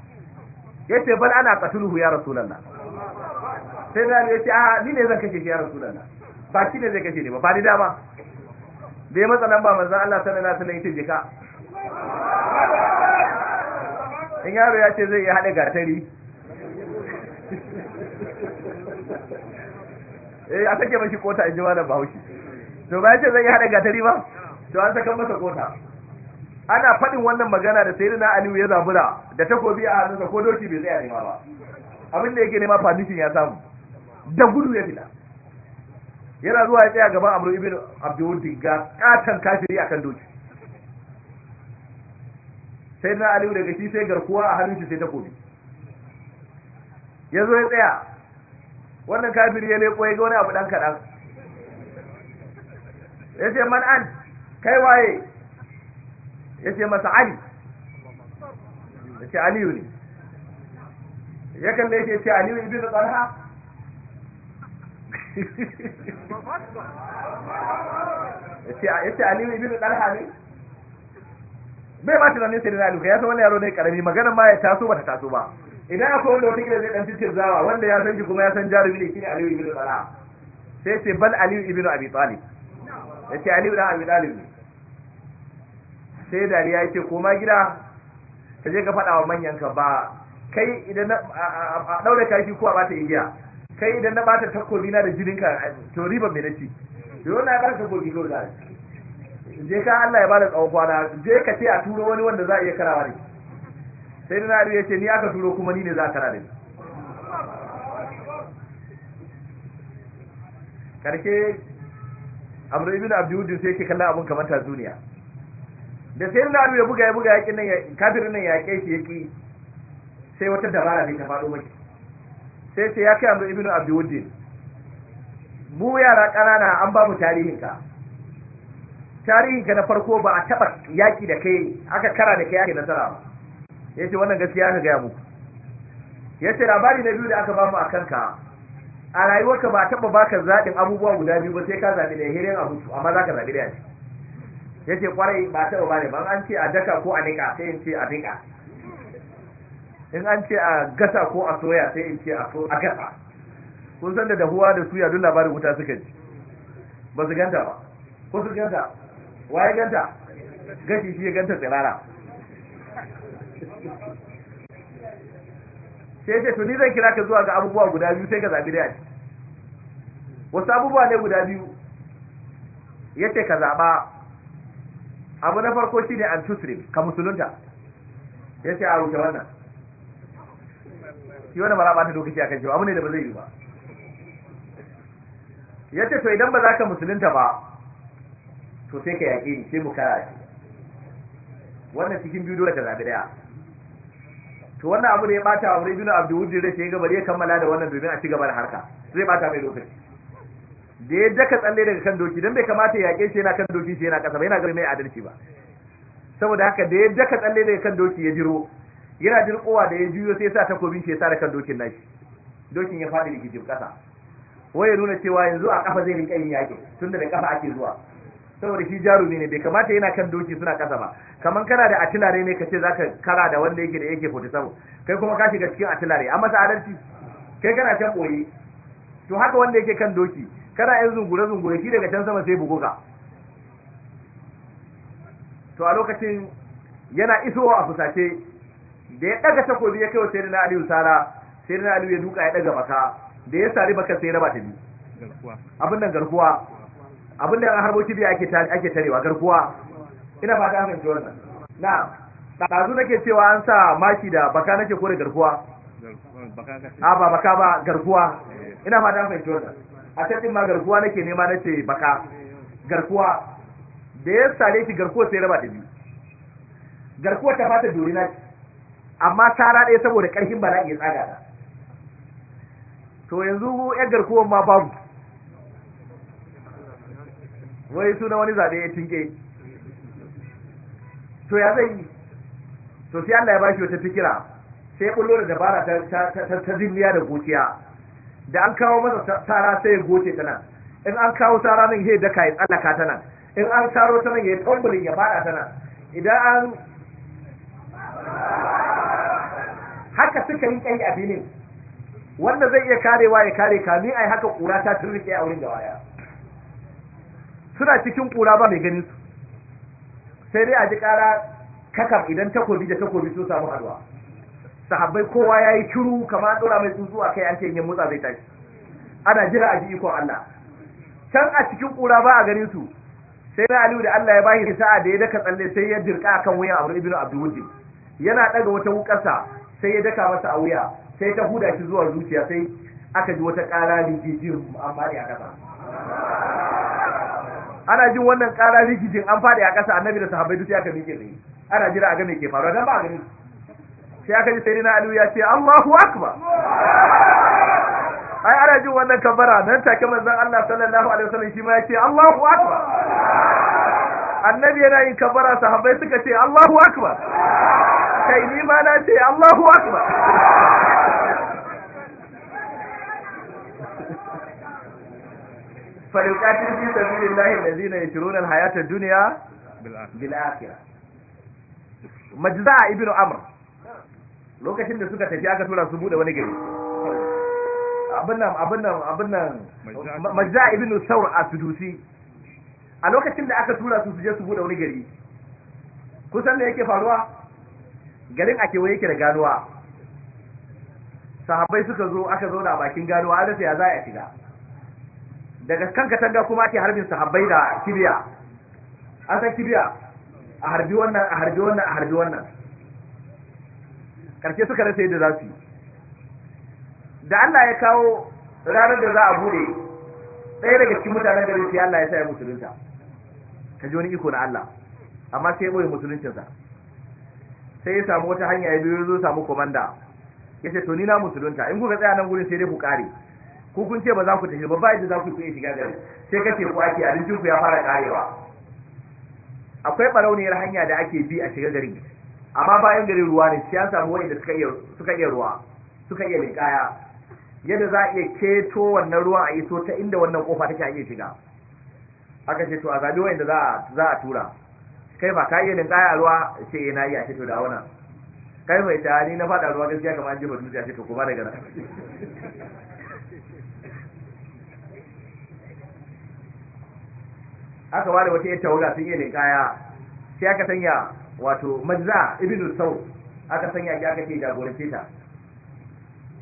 S2: yace bal ana qatuluhu ya rasulullah sai da yace a ni ne zan kace shi ya rasulullah ba shi ne zai kace ne ba ba ni dama da ya matsa nan ba manzo Allah sallallahu alaihi wasallam yace je ka in yaro ya ce zai iya haɗa gatari eh a sake mashi kota in ji malam bahaushe to ba ya ce zai iya haɗa gatari ba to an saka masa kota ana faɗin wannan magana da sai na aliyu ya zabura da takobi a hannunsa ko doki bai tsaya nema ba abin da yake nema permission ya samu da gudu ya fita yana zuwa ya tsaya gaban amru ibn abdul ga katan kafiri akan doki sai na aliyu daga shi sai garkuwa a hannun shi sai ta ya zo ya tsaya wannan kafin ya leko ya ga wani abu dan kaɗan ya ce man an kai waye ya ce masa ali ya ce aliyu ne ya kalle ya ce aliyu ibi da tsarha ya ce aliyu ibi da tsarha ne bai ma tunanin sai na aluka ya san wannan yaro ne karami maganar ma ya taso bata taso ba idan akwai wanda wata gida zai dan cikin zawa wanda ya san shi kuma ya san jarumi ne shine aliyu ibnu talha sai ce bal aliyu ibnu abi talib ce aliyu ibnu abi talib sai dariya ce koma gida ka je ka faɗa wa manyanka ba kai idan a daure kashi ko a bata igiya kai idan na bata takobi na da jininka to riba na nace yau na bata takobi kawai da je ka Allah ya bada tsawon kwana je ka ce a turo wani wanda za a iya karawa ne. sai da na'adu ya ce ni aka turo kuma ni ne za a kara da ni Karke amru ibn abdiyuddin sai yake kalla abun kamar tatsuniya da sai na ya buga ya buga yakin nan kafirin nan yake shi sai wata dabara ne ta faɗo maki sai sai ya kai amru ibn abdiyuddin mu yara ƙanana an ba mu tarihin ka tarihi ka na farko ba a taɓa yaƙi da kai aka kara da kai yaki nasara ba ya ce wannan gaskiya ka gaya muku ya ce labari na biyu da aka bamu a kanka a rayuwarka ba a taɓa baka zaɓin abubuwa guda biyu ba sai ka zaɓi da hirin abu amma za ka zaɓi da yaci ya ce kwarai ba taɓa ba ne ba an ce a daka ko a niƙa sai in ce a niƙa in an ce a gasa ko a soya sai in ce a gasa kun san da dahuwa da suya duk labarin wuta suka ji ba su ganta ba ko su ganta waye ganta gashi shi ya ganta tsirara sai ce tuni zan kira ka zuwa ga abubuwa guda biyu sai ka zaɓi daya wasu abubuwa ne guda biyu ya ce ka zaɓa abu na farko shi ne antusrim ka musulunta ya ce a rushe wannan shi wani mara ta lokaci a kan cewa abu ne da ba zai yi ba ya ce to idan ba za ka musulunta ba to sai ka yaƙi sai mu kara shi wannan cikin biyu dole ka zabi daya to wannan abu da ya bata wa Ibn Abdul Wudud da sai bari ya kammala da wannan domin a ci gaba da harka zai bata mai lokaci da ya daka tsalle daga kan doki dan bai kamata yaƙe shi yana kan doki shi yana kasa ba yana gari mai adalci ba saboda haka da ya daka tsalle daga kan doki ya jiro yana dirkowa da ya juyo sai ya sa takobin shi ya sa da kan dokin nashi dokin ya faɗi rikicin kasa wai ya nuna cewa yanzu a kafa zai rinka yin yaƙi tunda da kafa ake zuwa saboda shi jarumi ne bai kamata yana kan doki suna kasa ba kamar kana da atilare ne kace zaka kara da wanda yake da yake sabo kai kuma ka shiga cikin atilare amma sa adalci kai kana can boye to haka wanda yake kan doki kana yan zungure zungure shi daga can sama sai ka to a lokacin yana isowa a fusace da ya daga takobi ya kaiwa sayyidina Aliyu sara sayyidina Aliyu ya duka ya daga maka da ya sari baka sai raba ta
S3: biyu
S2: abin nan garkuwa abin ya harbo kibi ake ake tarewa garkuwa ina fata ta fahimci wannan na na nake cewa an sa maki da baka nake kore garkuwa
S3: a ba baka ba garkuwa
S2: ina fata ta fahimci wannan a cikin ma garkuwa nake nema na ce baka garkuwa da ya sare shi garkuwa sai raba da biyu garkuwa ta fata dori na amma tara ɗaya saboda ƙarfin bala'i ya tsaga ta to yanzu yan garkuwan ma babu wai suna wani zaɓe ya cinke to ya zai yi to sai Allah ya bashi wata fikira sai kullo da dabara ta ta da gociya da an kawo masa tara sai ya goce ta nan in an kawo tara nan ya daka ya tsallaka ta nan in an taro ta nan ya tambulin ya bada ta nan idan an haka suka yi kai abinin wanda zai iya karewa ya kare ni ai haka kura ta turke a wurin gaba suna cikin kura ba mai ganin su sai dai a ji kara kakar idan takobi da takobi sun samu haduwa sahabbai kowa ya yi kama an dora mai tsuntsu a kai an ce yin motsa zai tashi ana jira a ji ikon Allah can a cikin kura ba a ganin su sai na Aliyu da Allah ya bashi sa'a da ya daka tsalle sai ya dirka akan wuyan Amr abu Abdul yana daga wata wukarsa sai ya daka masa a wuya sai ta huda shi zuwa zuciya sai aka ji wata ƙara lijijin amma ya kasa ana jin wannan ƙara rikicin an faɗi a ƙasa annabi da sahabbai duk aka rike ne ana jira a ga me ke faruwa dan ba a gani sai aka ji sayyidina aliyu ya ce Allahu akbar ai ana jin wannan kabara nan take manzon Allah sallallahu alaihi wasallam shi ma ya ce Allahu akbar annabi yana yin kabara sahabbai suka ce Allahu akbar kai ni ma na ce Allahu akbar فليقاتل في سبيل الله الذين يشرون الحياة الدنيا بالآخرة مجزاء ابن عمر لو lokacin da suka tafi aka tura su bude wani gari sudusi a lokacin da aka tura su su su bude wani gari kusan da yake faruwa garin a kewaye yake da ganuwa sahabbai suka zo aka zauna a bakin ganuwa an sai ya za a shiga daga kan katanga kuma ake harbin sahabbai da kibiya an san kibiya a harbi wannan a harbi wannan a harbi wannan karshe suka rasa yadda za su yi da Allah ya kawo ranar da za a bude ɗaya daga cikin mutanen garin sai Allah ya sa ya musulunta ka ji wani iko na Allah amma sai ya boye musuluncinsa sai ya samu wata hanya ya biyo zo samu komanda ya ce to ni na musulunta in kuka tsaya nan gurin sai dai ku kare ko kun ce ba za ku tafi ba ba yadda za ku iya shiga garin sai kace ku ake abincin ku ya fara karewa akwai barauniyar hanya da ake bi a shiga gari. amma bayan gari ruwa ne sai an samu wanda suka iya suka iya ruwa suka iya linkaya yadda za a iya keto wannan ruwan a iso ta inda wannan kofa take a iya shiga aka ce to a zabi wanda za za a tura kai ba ka iya linkaya a ruwa sai ina eh, iya ce to da wannan kai mai tani na fada ruwa gaskiya kamar an jefa dutse a ce to ba daga nan aka ware wata yadda tawaga sun yi kaya sai aka sanya wato majza ibnu sau aka sanya ya kake jagorance ta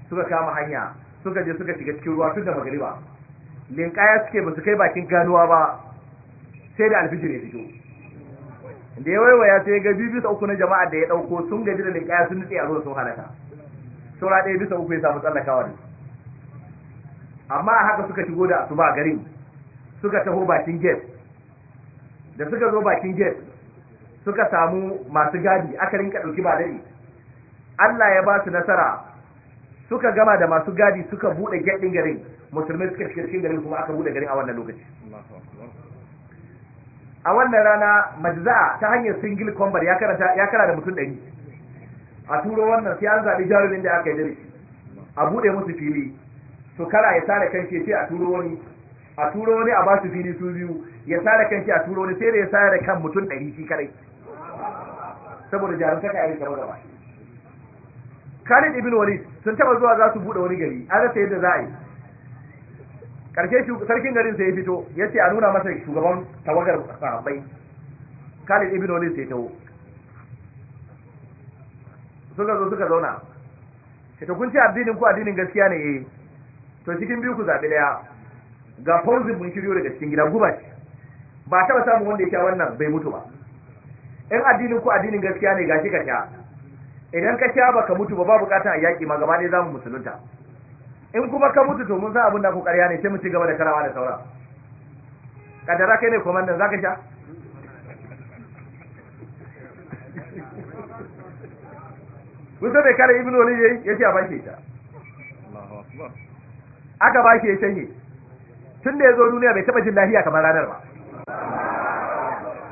S2: suka kama hanya suka je suka shiga cikin ruwa tun da magariba linkaya suke ba su kai bakin ganuwa ba sai da alfijir ya fito da ya waiwaya sai ga biyu bisa uku na jama'a da ya ɗauko sun gaji da linkaya sun nutse a zuwa sun halaka saura ɗaya bisa uku ya samu tsallakawa ne amma haka suka shigo da asuba garin suka taho bakin gate da suka zo bakin gate suka samu masu gadi aka rinka dauki ba dare Allah ya ba su nasara suka gama da masu gadi suka bude gate ɗin garin musulmai suka shiga cikin garin kuma aka bude garin a wannan lokaci a wannan rana majza'a ta hanyar single combat ya karanta ya kara da mutum ɗari a turo wannan sai an zaɓi jarumin da aka yi da a buɗe musu fili su kara ya tare kan ce a turo wani a turo wani a ba su fili su biyu ya sare kanki a turo wani sai da ya sare kan mutum ɗari shi kadai saboda saka a yi gaba gaba Khalid ibn Walid sun taba zuwa za su bude wani gari an rasa yadda za a yi karshe sarkin garin sai ya fito ya ce a nuna masa shugaban tawagar sahabbai Khalid ibn Walid sai tawo suka zo suka zauna sai to addinin ku addinin gaskiya ne eh to cikin biyu ku zaɓi ɗaya. ga fauzin mun shiryo daga cikin gida guba ce ba taɓa samun wanda ya sha wannan bai mutu ba in addinin ku addinin gaskiya ne gashi ka sha idan ka sha baka mutu ba babu katan yaki ma gaba ne zamu musulunta in kuma ka mutu to mun san abin da ku ƙarya ne sai mu ci gaba da karawa da sauran kadara kai ne komandan zaka sha kusa bai kare ibnu walid yayi yace a bashi ta aka bashi ya shanye tun da ya zo duniya bai taba jin lafiya kamar ranar ba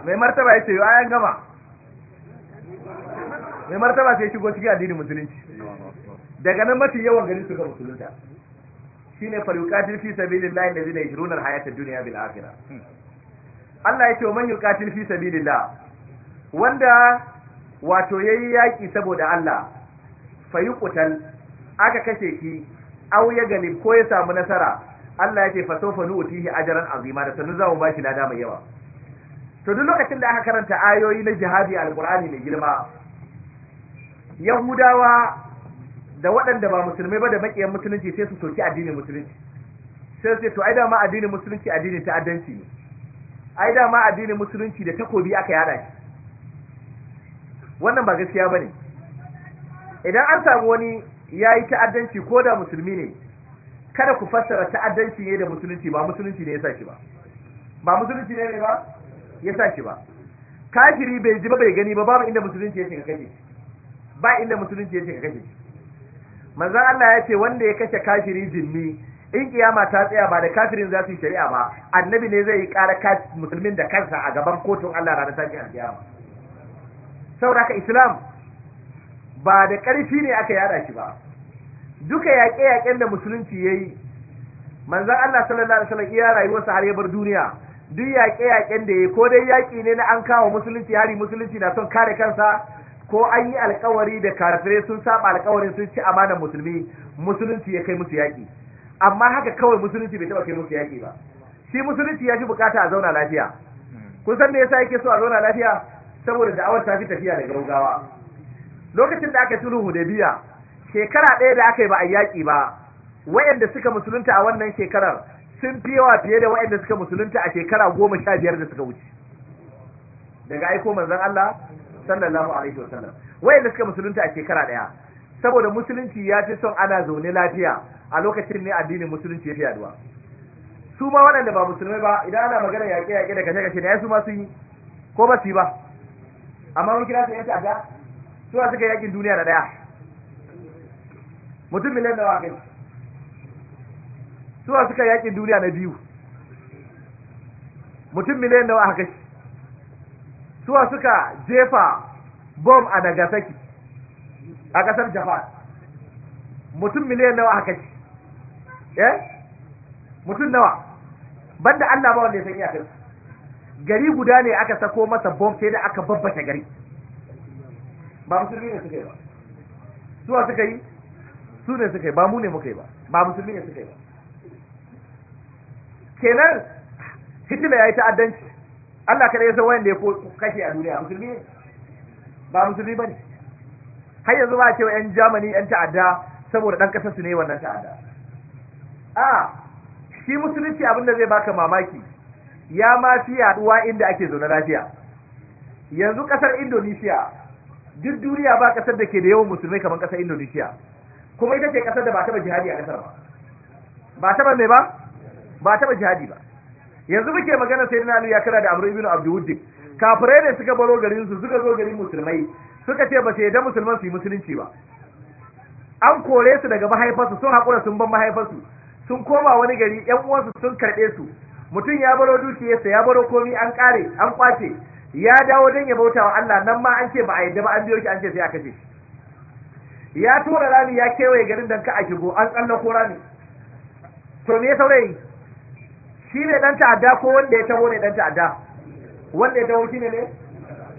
S2: mai martaba ya ce yi ayan gama mai martaba sai shigo cikin addinin musulunci daga nan mafi yawan su suka musulunta Shi ne faruƙatun fi da zina yajruna alhayata ad duniya bil afira Allah ya ce wa man yuqatil fi sabilillah wanda wato yayi yaki saboda Allah fayuqtal aka kashe ki, au ya gani ko ya samu nasara Allah ya ce fa sawfa nu'tihi ajran azima da sanu zamu mu bashi lada mai yawa to duk lokacin da aka karanta ayoyi na jihadi alqur'ani mai girma yahudawa da waɗanda ba musulmai ba da makiyan musulunci sai su soki addinin musulunci sai sai to ai da ma addinin musulunci ta ta'addanci ne ai da ma addinin musulunci da takobi aka yada shi wannan ba gaskiya bane idan an samu wani yayi ta'addanci ko da musulmi ne kada ku fassara ta'addanci ne da musulunci ba musulunci ne ya sa shi ba ba musulunci ne ba ya sa shi ba kafiri bai ji ba bai gani ba babu inda musulunci ya shiga ka kashe ba inda musulunci ya shiga ka kashe Allah ya ce wanda ya kashe kafiri zimmi in kiyama ta tsaya ba da kafirin za su yi shari'a ba annabi ne zai yi kara musulmin da kansa a gaban kotun Allah ranar tashin alkiyama saboda islam ba da ƙarfi ne aka yada shi ba duka yaƙe-yaƙen da musulunci ya yi manzan Allah sallallahu alaihi wasallam iya rayuwarsa har ya bar duniya duk yaƙe-yaƙen da ya ko dai yaƙi ne na an kawo musulunci hari musulunci na son kare kansa ko an yi alkawari da kafirai sun saba alkawarin sun ci amanar musulmi musulunci ya kai musu yaƙi amma haka kawai musulunci bai taɓa kai musu yaƙi ba shi musulunci ya fi bukata a zauna lafiya kun san me yasa yake so a zauna lafiya saboda da'awar ta fi tafiya da gaugawa lokacin da aka da biya. shekara ɗaya da aka yi ba a yaƙi ba wayanda suka musulunta a wannan shekarar sun fi yawa fiye da wayanda suka musulunta a shekara goma sha biyar da suka wuce daga aiko manzon Allah sallallahu alaihi wasallam wayanda suka musulunta a shekara ɗaya saboda musulunci ya fi son ana zaune lafiya a lokacin ne addinin musulunci ya fi yaduwa su ma waɗanda ba musulmai ba idan ana magana yaƙe yaƙe da kashe kashe ne su ma sun yi ko ba su yi ba amma mun kira su a ta'adda su suka yaƙin duniya da ɗaya mutum miliyan nawa wakil suwa suka yakin duniya na biyu mutum miliyan nawa wakil suwa suka jefa bom a Nagasaki a kasar Japan mutum miliyan nawa aka ci eh mutum nawa banda Allah ba wanda ya san iyakar gari guda ne aka sako masa bom sai da aka babbata gari ba musulmi ne suka yi ba suwa suka yi su ne suka yi ba mu ne muka yi ba ba musulmi ne suka yi ba kenan hitler ya yi ta'addanci Allah kada ya san wanda ya kashe a duniya musulmi ne ba musulmi ba ne har yanzu ba a cewa yan Jamani yan ta'adda saboda dan kasar su ne wannan ta'adda a shi musulunci abin da zai baka mamaki ya ma fi yaduwa inda ake zaune lafiya yanzu kasar Indonesia duk duniya ba kasar da ke da yawan musulmai kamar kasar Indonesia kuma ita ce kasar da ba taɓa jihadi a kasar ba ba taɓa mai ba ba taɓa jihadi ba yanzu muke magana sai na ya kira da amru ibn abdul kafirai ne suka baro garin su suka zo garin musulmai suka ce ba sai da musulman su yi musulunci ba an kore su daga mahaifarsu sun haƙura sun ban mahaifarsu sun koma wani gari yan uwansu sun karɓe su mutum ya baro dukiyarsa ya baro komi an ƙare an ƙwace ya dawo don ya bauta wa Allah nan ma an ce ba a yadda ba an biyo shi an ce sai a kashe shi ya tura rami ya kewaye garin dan ka a shigo an tsallako rami to me ya saurayi shi ne dan ta'adda ko wanda ya taho ne dan ta'adda wanda ya taho shi ne ne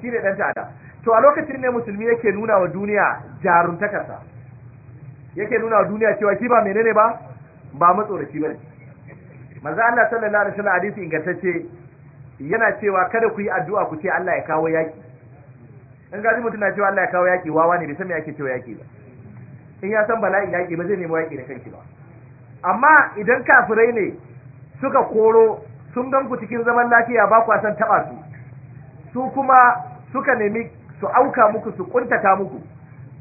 S2: shi ne dan ta'adda to a lokacin ne musulmi yake nuna wa duniya jaruntakarsa yake nuna wa duniya cewa shi ba menene ba ba matsoraci bane manzo Allah sallallahu alaihi wasallam hadisi ingantacce yana cewa kada ku yi addu'a ku ce Allah ya kawo yaki in ga mutum na cewa Allah ya kawo yaki wawa ne bai san me yake cewa yaki ba in ya san bala'in yaƙi ba zai nemi yaƙi da kanki ba amma idan kafirai ne suka koro sun gan ku cikin zaman lafiya ba kwa san taɓa su su kuma suka nemi su auka muku su ƙuntata muku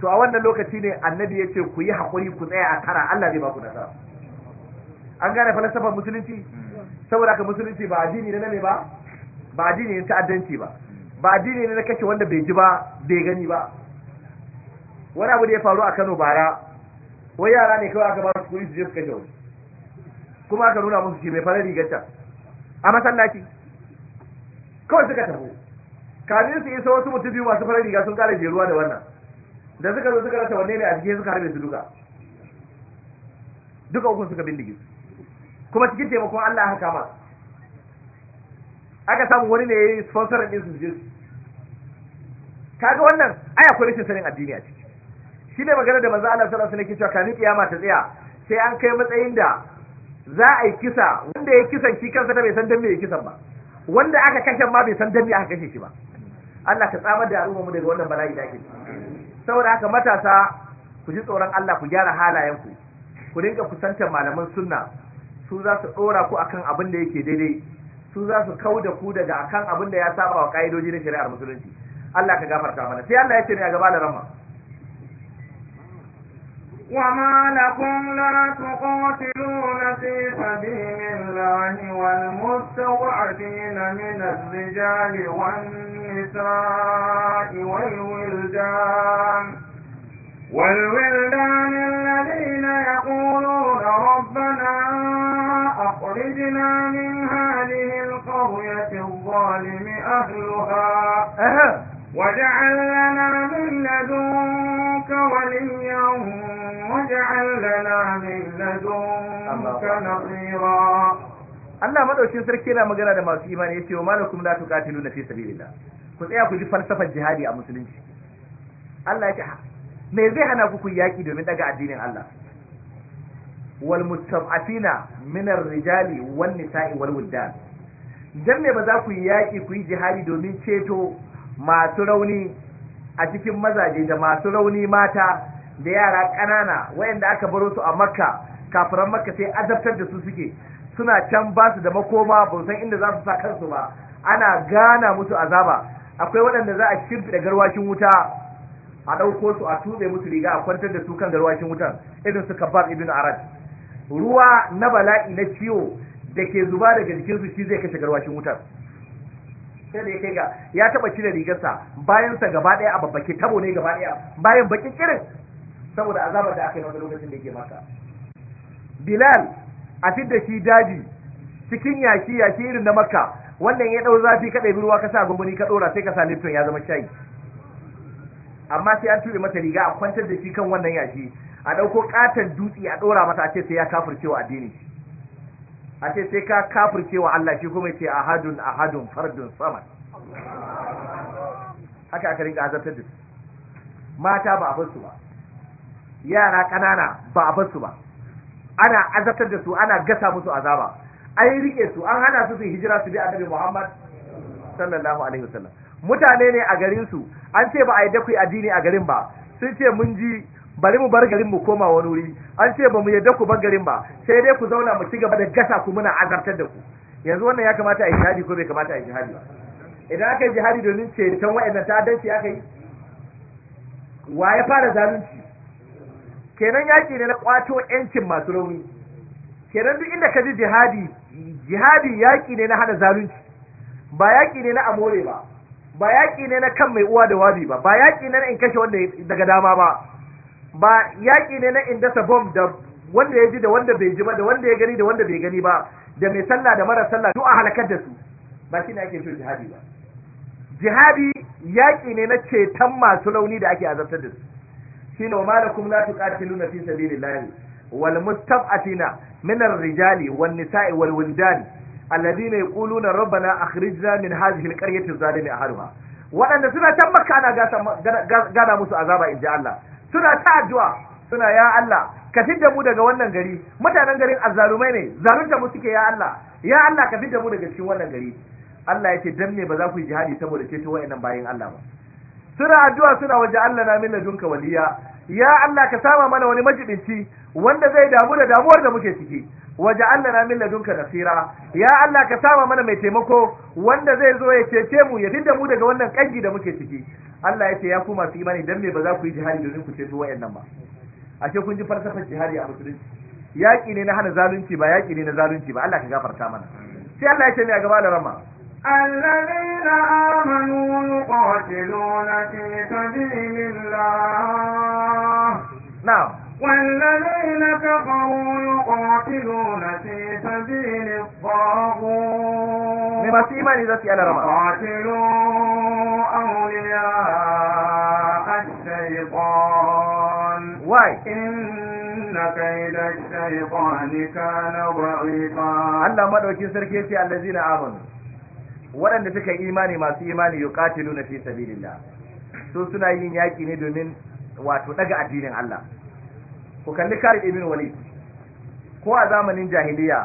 S2: to a wannan lokaci ne annabi ya ce ku yi haƙuri ku tsaya a kara Allah zai ba ku nasara an gane falsafar musulunci saboda ka musulunci ba addini ne ne ba ba addini ne ta'addanci ba ba addini ne na kashe wanda bai ji ba bai gani ba wani abu da ya faru a Kano bara wai yara ne kawai aka ba su kuɗi su je su kashe wani kuma aka nuna musu shi mai fara rigarta a masallaci kawai suka tafi kafin su isa wasu mutum biyu masu fara riga sun kara ruwa da wannan da suka zo suka rasa wanne ne a cikin suka harbe su duka duka ukun suka bindige kuma cikin taimakon Allah haka ma aka samu wani ne ya yi sponsor ɗin su je kaga wannan aya akwai sanin addini a ciki Shi ne magana da manzo Allah sallallahu alaihi wasallam yake cewa kafin kiyama ta tsaya sai an kai matsayin da za a yi kisa wanda ya kisan shi kansa bai san dan me ya kisan ba wanda aka kashe ma bai san dan me aka kashe shi ba Allah ka tsamar da al'umma mu daga wannan bala'i da ake saboda haka matasa ku ji tsoron Allah ku gyara halayenku ku dinga kusantar malaman sunna su za su dora ku akan abin da yake daidai su za su kau da ku daga akan abin da ya saba wa ka'idoji na shari'ar musulunci Allah ka gafarta mana sai Allah ya ce ne a gaba da rama
S1: وما لكم لا تقاتلون في سبيل الله والمستضعفين من الرجال والنساء والولدان والولدان الذين يقولون ربنا أخرجنا من هذه القرية الظالم أهلها واجعل لنا من لدنك
S2: وليا واجعل لنا من لدنك نصيرا Allah madaukin sarki yana magana da masu imani yace wa malakum la tuqatiluna fi sabilillah ku tsaya ku ji falsafar jihadi a musulunci Allah ya ha me zai hana ku ku yaki domin daga addinin Allah wal mustaf'atina min ar-rijali wan nisa'i wal wildan dan me ba za ku yaki ku yi jihadi domin ceto masu rauni a cikin mazaje da masu rauni mata da yara ƙanana wayanda aka baro su a makka kafiran makka sai azabtar da su suke suna can ba su da makoma ba san inda za su sa kansu ba ana gana musu azaba akwai waɗanda za a shirfiɗa garwashin wuta a ɗauko su a tuɓe musu riga a kwantar da su kan garwashin wutan irin su ba ibn arad ruwa na bala'i na ciwo da ke zuba daga jikinsu shi zai kashe garwashin wutan sai da ya kai ga ya taba cire rigarsa bayan sa gaba daya a babbake tabo ne gaba daya bayan bakin kirin saboda azabar da aka yi wani lokacin da yake maka. bilal a fidda shi daji cikin yashi yashi irin na makka wannan ya dau zafi kada ɗebi ruwa ka sa gungumi ka ɗora sai ka sa lifton ya zama shayi amma sai an tuɓe mata riga a kwantar da shi kan wannan yashi a ɗauko ƙaton dutse a ɗora mata a ce sai ya kafircewa addini a ce sai ka kafirce wa Allah shi kuma ce ahadun ahadun fardun samad haka aka rinka azabtar da su mata ba a su ba yara ƙanana ba a su ba ana azabtar da su ana gasa musu azaba an rike su an hana su su hijira su bi annabi Muhammad sallallahu alaihi wasallam mutane ne a garin su an ce ba a yi dakwai addini a garin ba sun ce mun ji bari mu bar garin mu koma wani wuri an ce ba mu yadda ku bar garin ba sai dai ku zauna mu ci gaba da gasa ku muna azartar da ku yanzu wannan ya kamata a yi jihadi ko bai kamata a yi jihadi ba idan aka yi jihadi domin ceton wa'annan ta'addanci aka yi wa ya fara zalunci kenan yaki ne na kwato yancin masu rauni kenan duk inda ka ji jihadi jihadi yaki ne na hana zalunci ba yaki ne na amore ba ba yaki ne na kan mai uwa da wabi ba ba yaki ne na in kashe wanda daga dama ba ba yaƙi ne na indasa bom da wanda ya ji da wanda bai ji ba da wanda ya gani da wanda bai gani ba da mai sallah da mara sallah duk a halakar da su ba shi ne ake so jihadi ba jihadi yaƙi ne na ceton masu launi da ake azabtar da su shi ne wa malakum la tuqatiluna fi sabilillahi wal mustaf'atina min ar-rijali wan nisa'i wal wildan alladhina yaquluna rabbana akhrijna min hadhihi al-qaryati adh-dhalimi ahliha waɗanda suna can makka ana gada musu azaba in ji Allah suna ta addu'a suna ya Allah ka fidda mu daga wannan gari mutanen garin azzalumai ne zalunta mu suke ya Allah ya Allah ka fidda mu daga cikin wannan gari Allah ya ce dan ne ba za ku yi jihadi saboda ceto wa'annan bayin Allah ba suna addu'a suna waje Allah na min ladunka waliya ya Allah ka sama mana wani majibinci wanda zai damu da damuwar da muke ciki waje Allah na min ladunka nasira ya Allah ka sama mana mai taimako wanda zai zo ya cece mu ya fidda mu daga wannan kangi da muke ciki Allah ya ce ya kuma su imani dan me ba za ku yi jihadi domin ku ceto wayannan ba ashe kun ji falsafar jihadi a musulunci Yaƙi ne na hana zalunci ba yaƙi ne na zalunci ba Allah ka gafarta mana sai Allah ya ce ne a gaba da rama
S1: الذين آمنوا يقاتلون في سبيل الله نعم والذين كفروا يقاتلون في سبيل الطاغوت بما سيما لذات أنا رمى قاتلوا أولياء الشيطان
S2: واي إن كيد الشيطان كان ضعيفا الله ما دوكي سركيتي الذين آمنوا waɗanda suka imani masu imani ƙatilu na fi sabilillah su suna yin yaƙi ne domin wato ɗaga addinin Allah ku kalli kare ibn Walid ko a zamanin jahiliya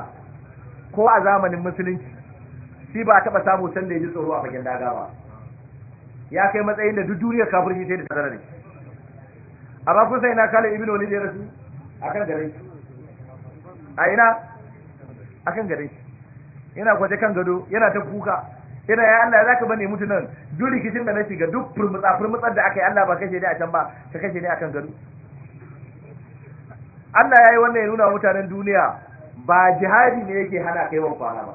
S2: ko a zamanin musulunci shi ba taɓa samu sanda ya ji tsoro a bakin daga ba ya kai matsayin da duk duniyar shi sai da tazara ne amma kun sai na kare ibn Walid ya rasu akan gare shi a ina akan gare shi yana kwace kan gado yana ta kuka ina ya Allah zaka bane mutu nan duk rikicin da na shiga duk furmutsa furmutsar da aka yi Allah ba kashe ne a can ba ka kashe ne akan gado Allah ya yi wannan ya nuna mutanen duniya ba jihadi ne yake hana kai wa kwana ba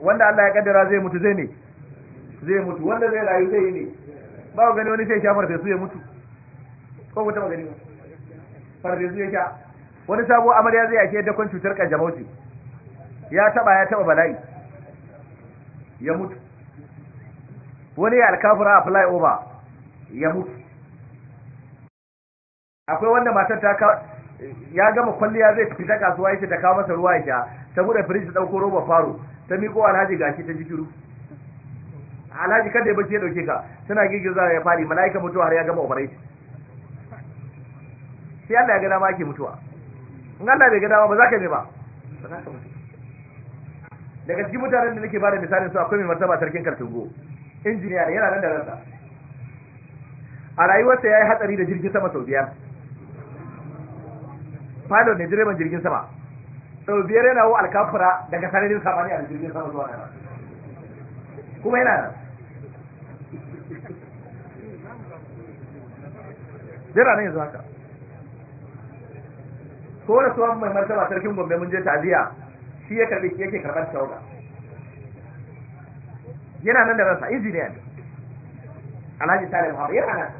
S2: wanda Allah ya kaddara zai mutu zai ne zai mutu wanda zai rayu zai yi ne ba gani wani sai sha farfesu ya mutu ko ku taba gani ba farfesu ya sha wani sabo amarya zai ake dakon cutar kanjamau ya taba ya taba bala'i ya mutu wani ya alkafura a flyover ya mutu akwai wanda matar ta ya gama kwalliya zai fita kasuwa yake ta kawo masa ruwa ya sha saboda firin ta dauko roba faro ta miƙo alhaji gashi ta jikiru alhaji kada ya bace ya dauke ka tana girgiza ya fadi mala'ika mutuwa har ya gama operation sai Allah ya ga dama ake mutuwa in Allah bai ga dama ba za ka ne ba daga cikin mutanen da nake bada misalin su akwai mai martaba sarkin Kartungo injiniya ne yana nan da ransa a rayuwarsa ya yi hatsari da jirgin sama sau biyar pilot ne direban jirgin sama sau biyar yana wo alkafura daga sanadin samari a jirgin sama zuwa yana kuma yana jira ne yanzu haka ko da suwan mai martaba sarkin gombe mun je taziya shi ya karbi yake karɓar shauga yana nan da ransa injiniya ne alhaji da hawa yana nan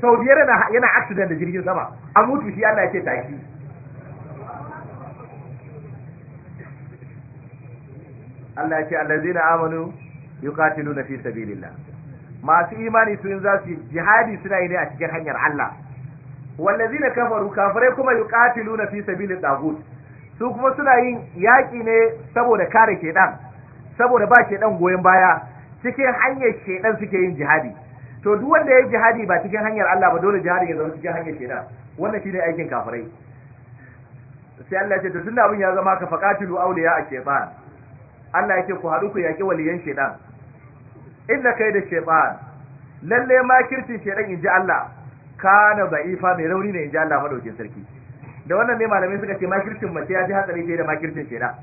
S2: sau biyar yana accident da jirgin sama a mutu shi Allah ce tashi Allah ce allazina amanu yuqatiluna fi sabilillah masu imani su yin za su jihadi suna yi ne a cikin hanyar Allah wallazina kafaru kafirai kuma yuqatiluna fi sabilil tagut su kuma suna yin yaƙi ne saboda kare shedan saboda ba shedan goyon baya cikin hanyar shedan suke yin jihadi to duk wanda ya jihadi ba cikin hanyar Allah ba dole jihadi ya zama cikin hanyar kenan wannan shine aikin kafirai sai Allah ya ce to tunda abin ya zama ka faqatilu awliya a shaytan Allah yake ku haɗu ku yaki waliyan shaytan inna kai da shaytan lalle ma kirtin shaytan inji Allah kana da'ifa mai rauni ne inji Allah madaukin sarki da wannan ne malamai suka ce makircin mace ya ji hatsari da makircin shaytan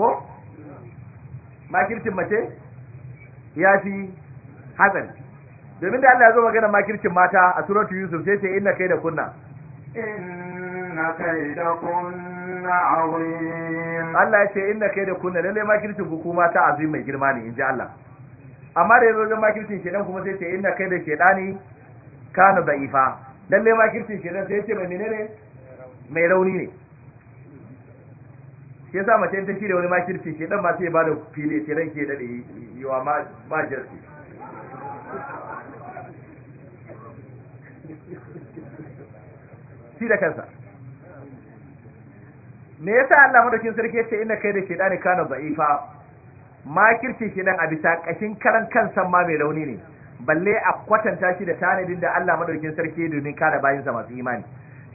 S2: ko makircin mace ya fi hatsari domin da Allah ya zo magana makircin mata a suratu Yusuf sai sai inna kai da kunna
S1: inna kai da kunna
S2: azim Allah ya ce inna kai da kunna lalle makircin ku kuma ta azim mai girma ne inji Allah amma da yazo makircin shedan kuma sai ce inna kai da shedani kana da'ifa lalle makircin shedan sai ce mai menene mai rauni ne shi yasa mace ta shirya wani makirci shedan ba sai ya bada fili shedan ke da yi wa ma ma jarsi
S3: shi
S2: da kansa me yasa Allah madaukin sarki ya ce inna kai da shedani kana da'ifa shi nan a bisa kashin karan kansan ma mai rauni ne balle a kwatanta shi da tanadin da Allah madaukin sarki domin kada bayinsa masu imani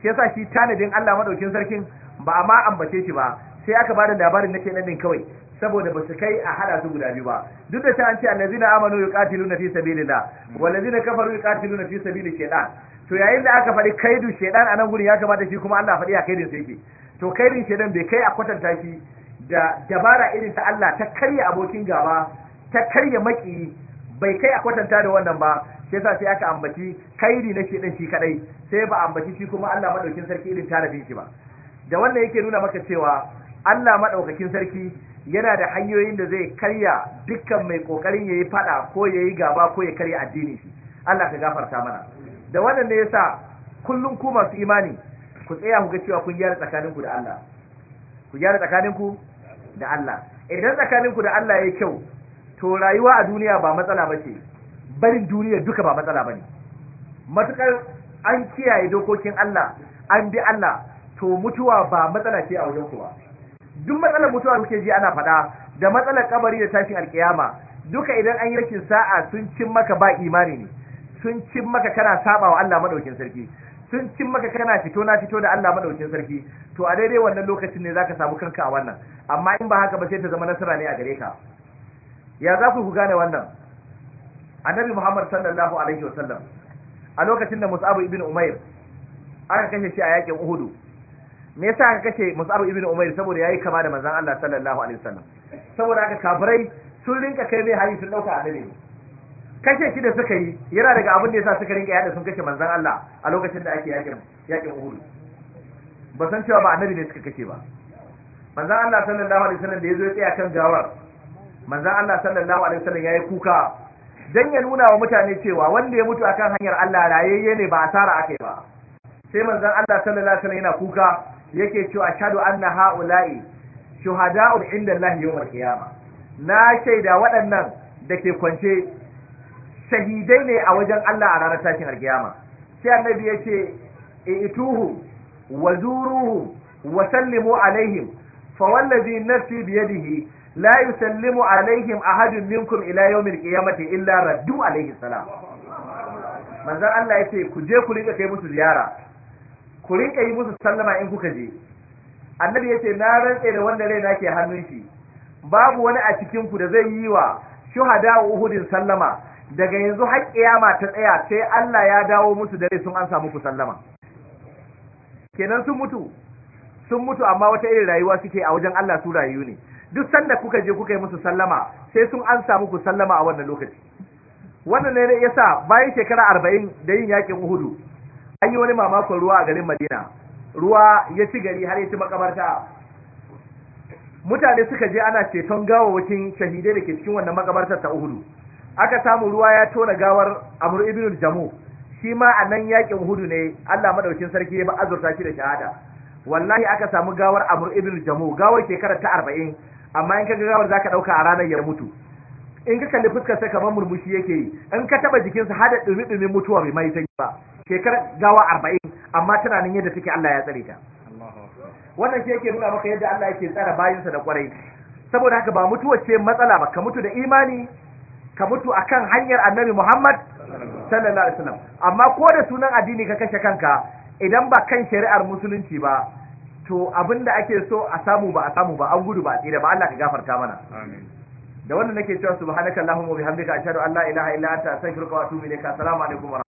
S2: shi yasa shi tanadin Allah madaukin sarkin ba a ma ambace shi ba sai aka ba da labarin na nan din kawai saboda ba su kai a hada su guda biyu ba duk da ta an ce allazina amanu yuqatiluna fi sabilillah wallazina kafaru yuqatiluna fi sabilil shaytan to yayin da aka faɗi kaidu shaytan a nan gurin ya kamata shi kuma Allah faɗi a kaidin sa yake to kaidin shaytan bai kai a kwatanta shi da dabara irin ta Allah ta karya abokin gaba ta karya maki bai kai a kwatanta da wannan ba sai sa sai aka ambaci kaidi na shaytan shi kadai sai ba ambaci shi kuma Allah madaukin sarki irin tarafin shi ba da wannan yake nuna maka cewa Allah madaukakin sarki yana da hanyoyin da zai karya dukkan mai kokarin yayi fada ko yayi gaba ko ya karya addini shi Allah ka gafarta mana da wannan ne yasa kullum ku masu imani ku tsaya ku ga cewa kun gyara tsakaninku da Allah ku gyara tsakaninku da Allah idan tsakanin ku da Allah yayi kyau to rayuwa a duniya ba matsala bace barin duniya duka ba matsala bane matukar an kiyaye dokokin Allah an bi Allah to mutuwa ba matsala ce a wajen ku ba duk matsalar mutuwa kuke ji ana faɗa da matsalar kabari da tashin alkiyama duka idan an yi rakin sa'a sun cin maka ba imani ne sun cin maka kana saba wa Allah madaukin sarki sun cin maka kana fito na fito da Allah madaukin sarki to a daidai wannan lokacin ne zaka samu kanka a wannan amma in ba haka ba sai ta zama nasara ne a gare ka ya za ku gane wannan annabi Muhammad sallallahu alaihi wasallam a lokacin da Mus'ab ibn Umair aka kashe shi a yakin Uhud me yasa aka kashe Mus'ab ibn Umair saboda yayi kama da manzon Allah sallallahu alaihi wasallam saboda haka kafirai sun rinka kai mai hari sun dauka annabi kace kashe shi da suka yi yana daga abin da yasa suka rinka yada sun kashe manzon Allah a lokacin da ake yakin yakin Uhud ba san cewa ba annabi ne suka kashe ba manzon Allah sallallahu alaihi wasallam da yazo ya tsaya kan gawar manzon Allah sallallahu alaihi wasallam yayi kuka dan ya nuna wa mutane cewa wanda ya mutu akan hanyar Allah rayayye ne ba asara akai ba sai manzon Allah sallallahu alaihi wasallam yana kuka yake cewa ashhadu anna haula'i shuhada'u inda Allah yawmal qiyama na shaida waɗannan da ke kwance shahidai ne a wajen Allah a ranar tashin alkiyama sai annabi ya ce ituhu wa zuruhu wa sallimu alaihim fa wallazi nafsi biyadihi la yusallimu alaihim ahadun minkum ila yawmil qiyamati illa raddu alaihi salam manzon Allah ya ce ku je ku rika kai musu ziyara ku rinka yi musu sallama in kuka je annabi yace na rantse da wanda raina ke hannun shi babu wani a cikin ku da zai yi wa shuhada uhudin sallama daga yanzu har kiyama ta tsaya sai Allah ya dawo musu dare sun an muku sallama kenan sun mutu sun mutu amma wata irin rayuwa suke a wajen Allah su rayu ne duk sanda kuka je kuka yi musu sallama sai sun ansa muku sallama a wannan lokaci wannan ne yasa bayan shekara arba'in da yin yakin uhudu an yi wani mamakon ruwa a garin madina ruwa ya ci gari har ya ci makabarta mutane suka je ana ceton gawawakin shahidai da ke cikin wannan makabartar ta uhudu aka samu ruwa ya tona gawar amur ibnul jamu shi ma a nan yakin uhudu ne allah madaukin sarki ya ba azurta shi da shahada wallahi aka samu gawar amur ibnul jamu gawar shekara ta arba'in amma in ka ga gawar zaka ɗauka a ranar ya mutu in ka kalli fuskar sai kamar murmushi yake yi in ka taba jikinsa hada dumi dumin mutuwa bai mai sanyi ba shekarar gawa arba'in amma tana nan yadda take Allah ya tsare ta wannan shi yake nuna maka yadda Allah yake tsara bayinsa da kwarai saboda haka ba mutuwa ce matsala ba ka mutu da imani ka mutu akan hanyar annabi Muhammad sallallahu alaihi wasallam amma ko da sunan addini ka kashe kanka idan ba kan shari'ar musulunci ba to abinda ake so a samu ba a samu ba an gudu ba a tsira ba Allah ka gafarta mana amin da wannan nake cewa subhanaka allahumma wa bihamdika ashhadu an la ilaha illa anta astaghfiruka wa atubu ilayka assalamu alaikum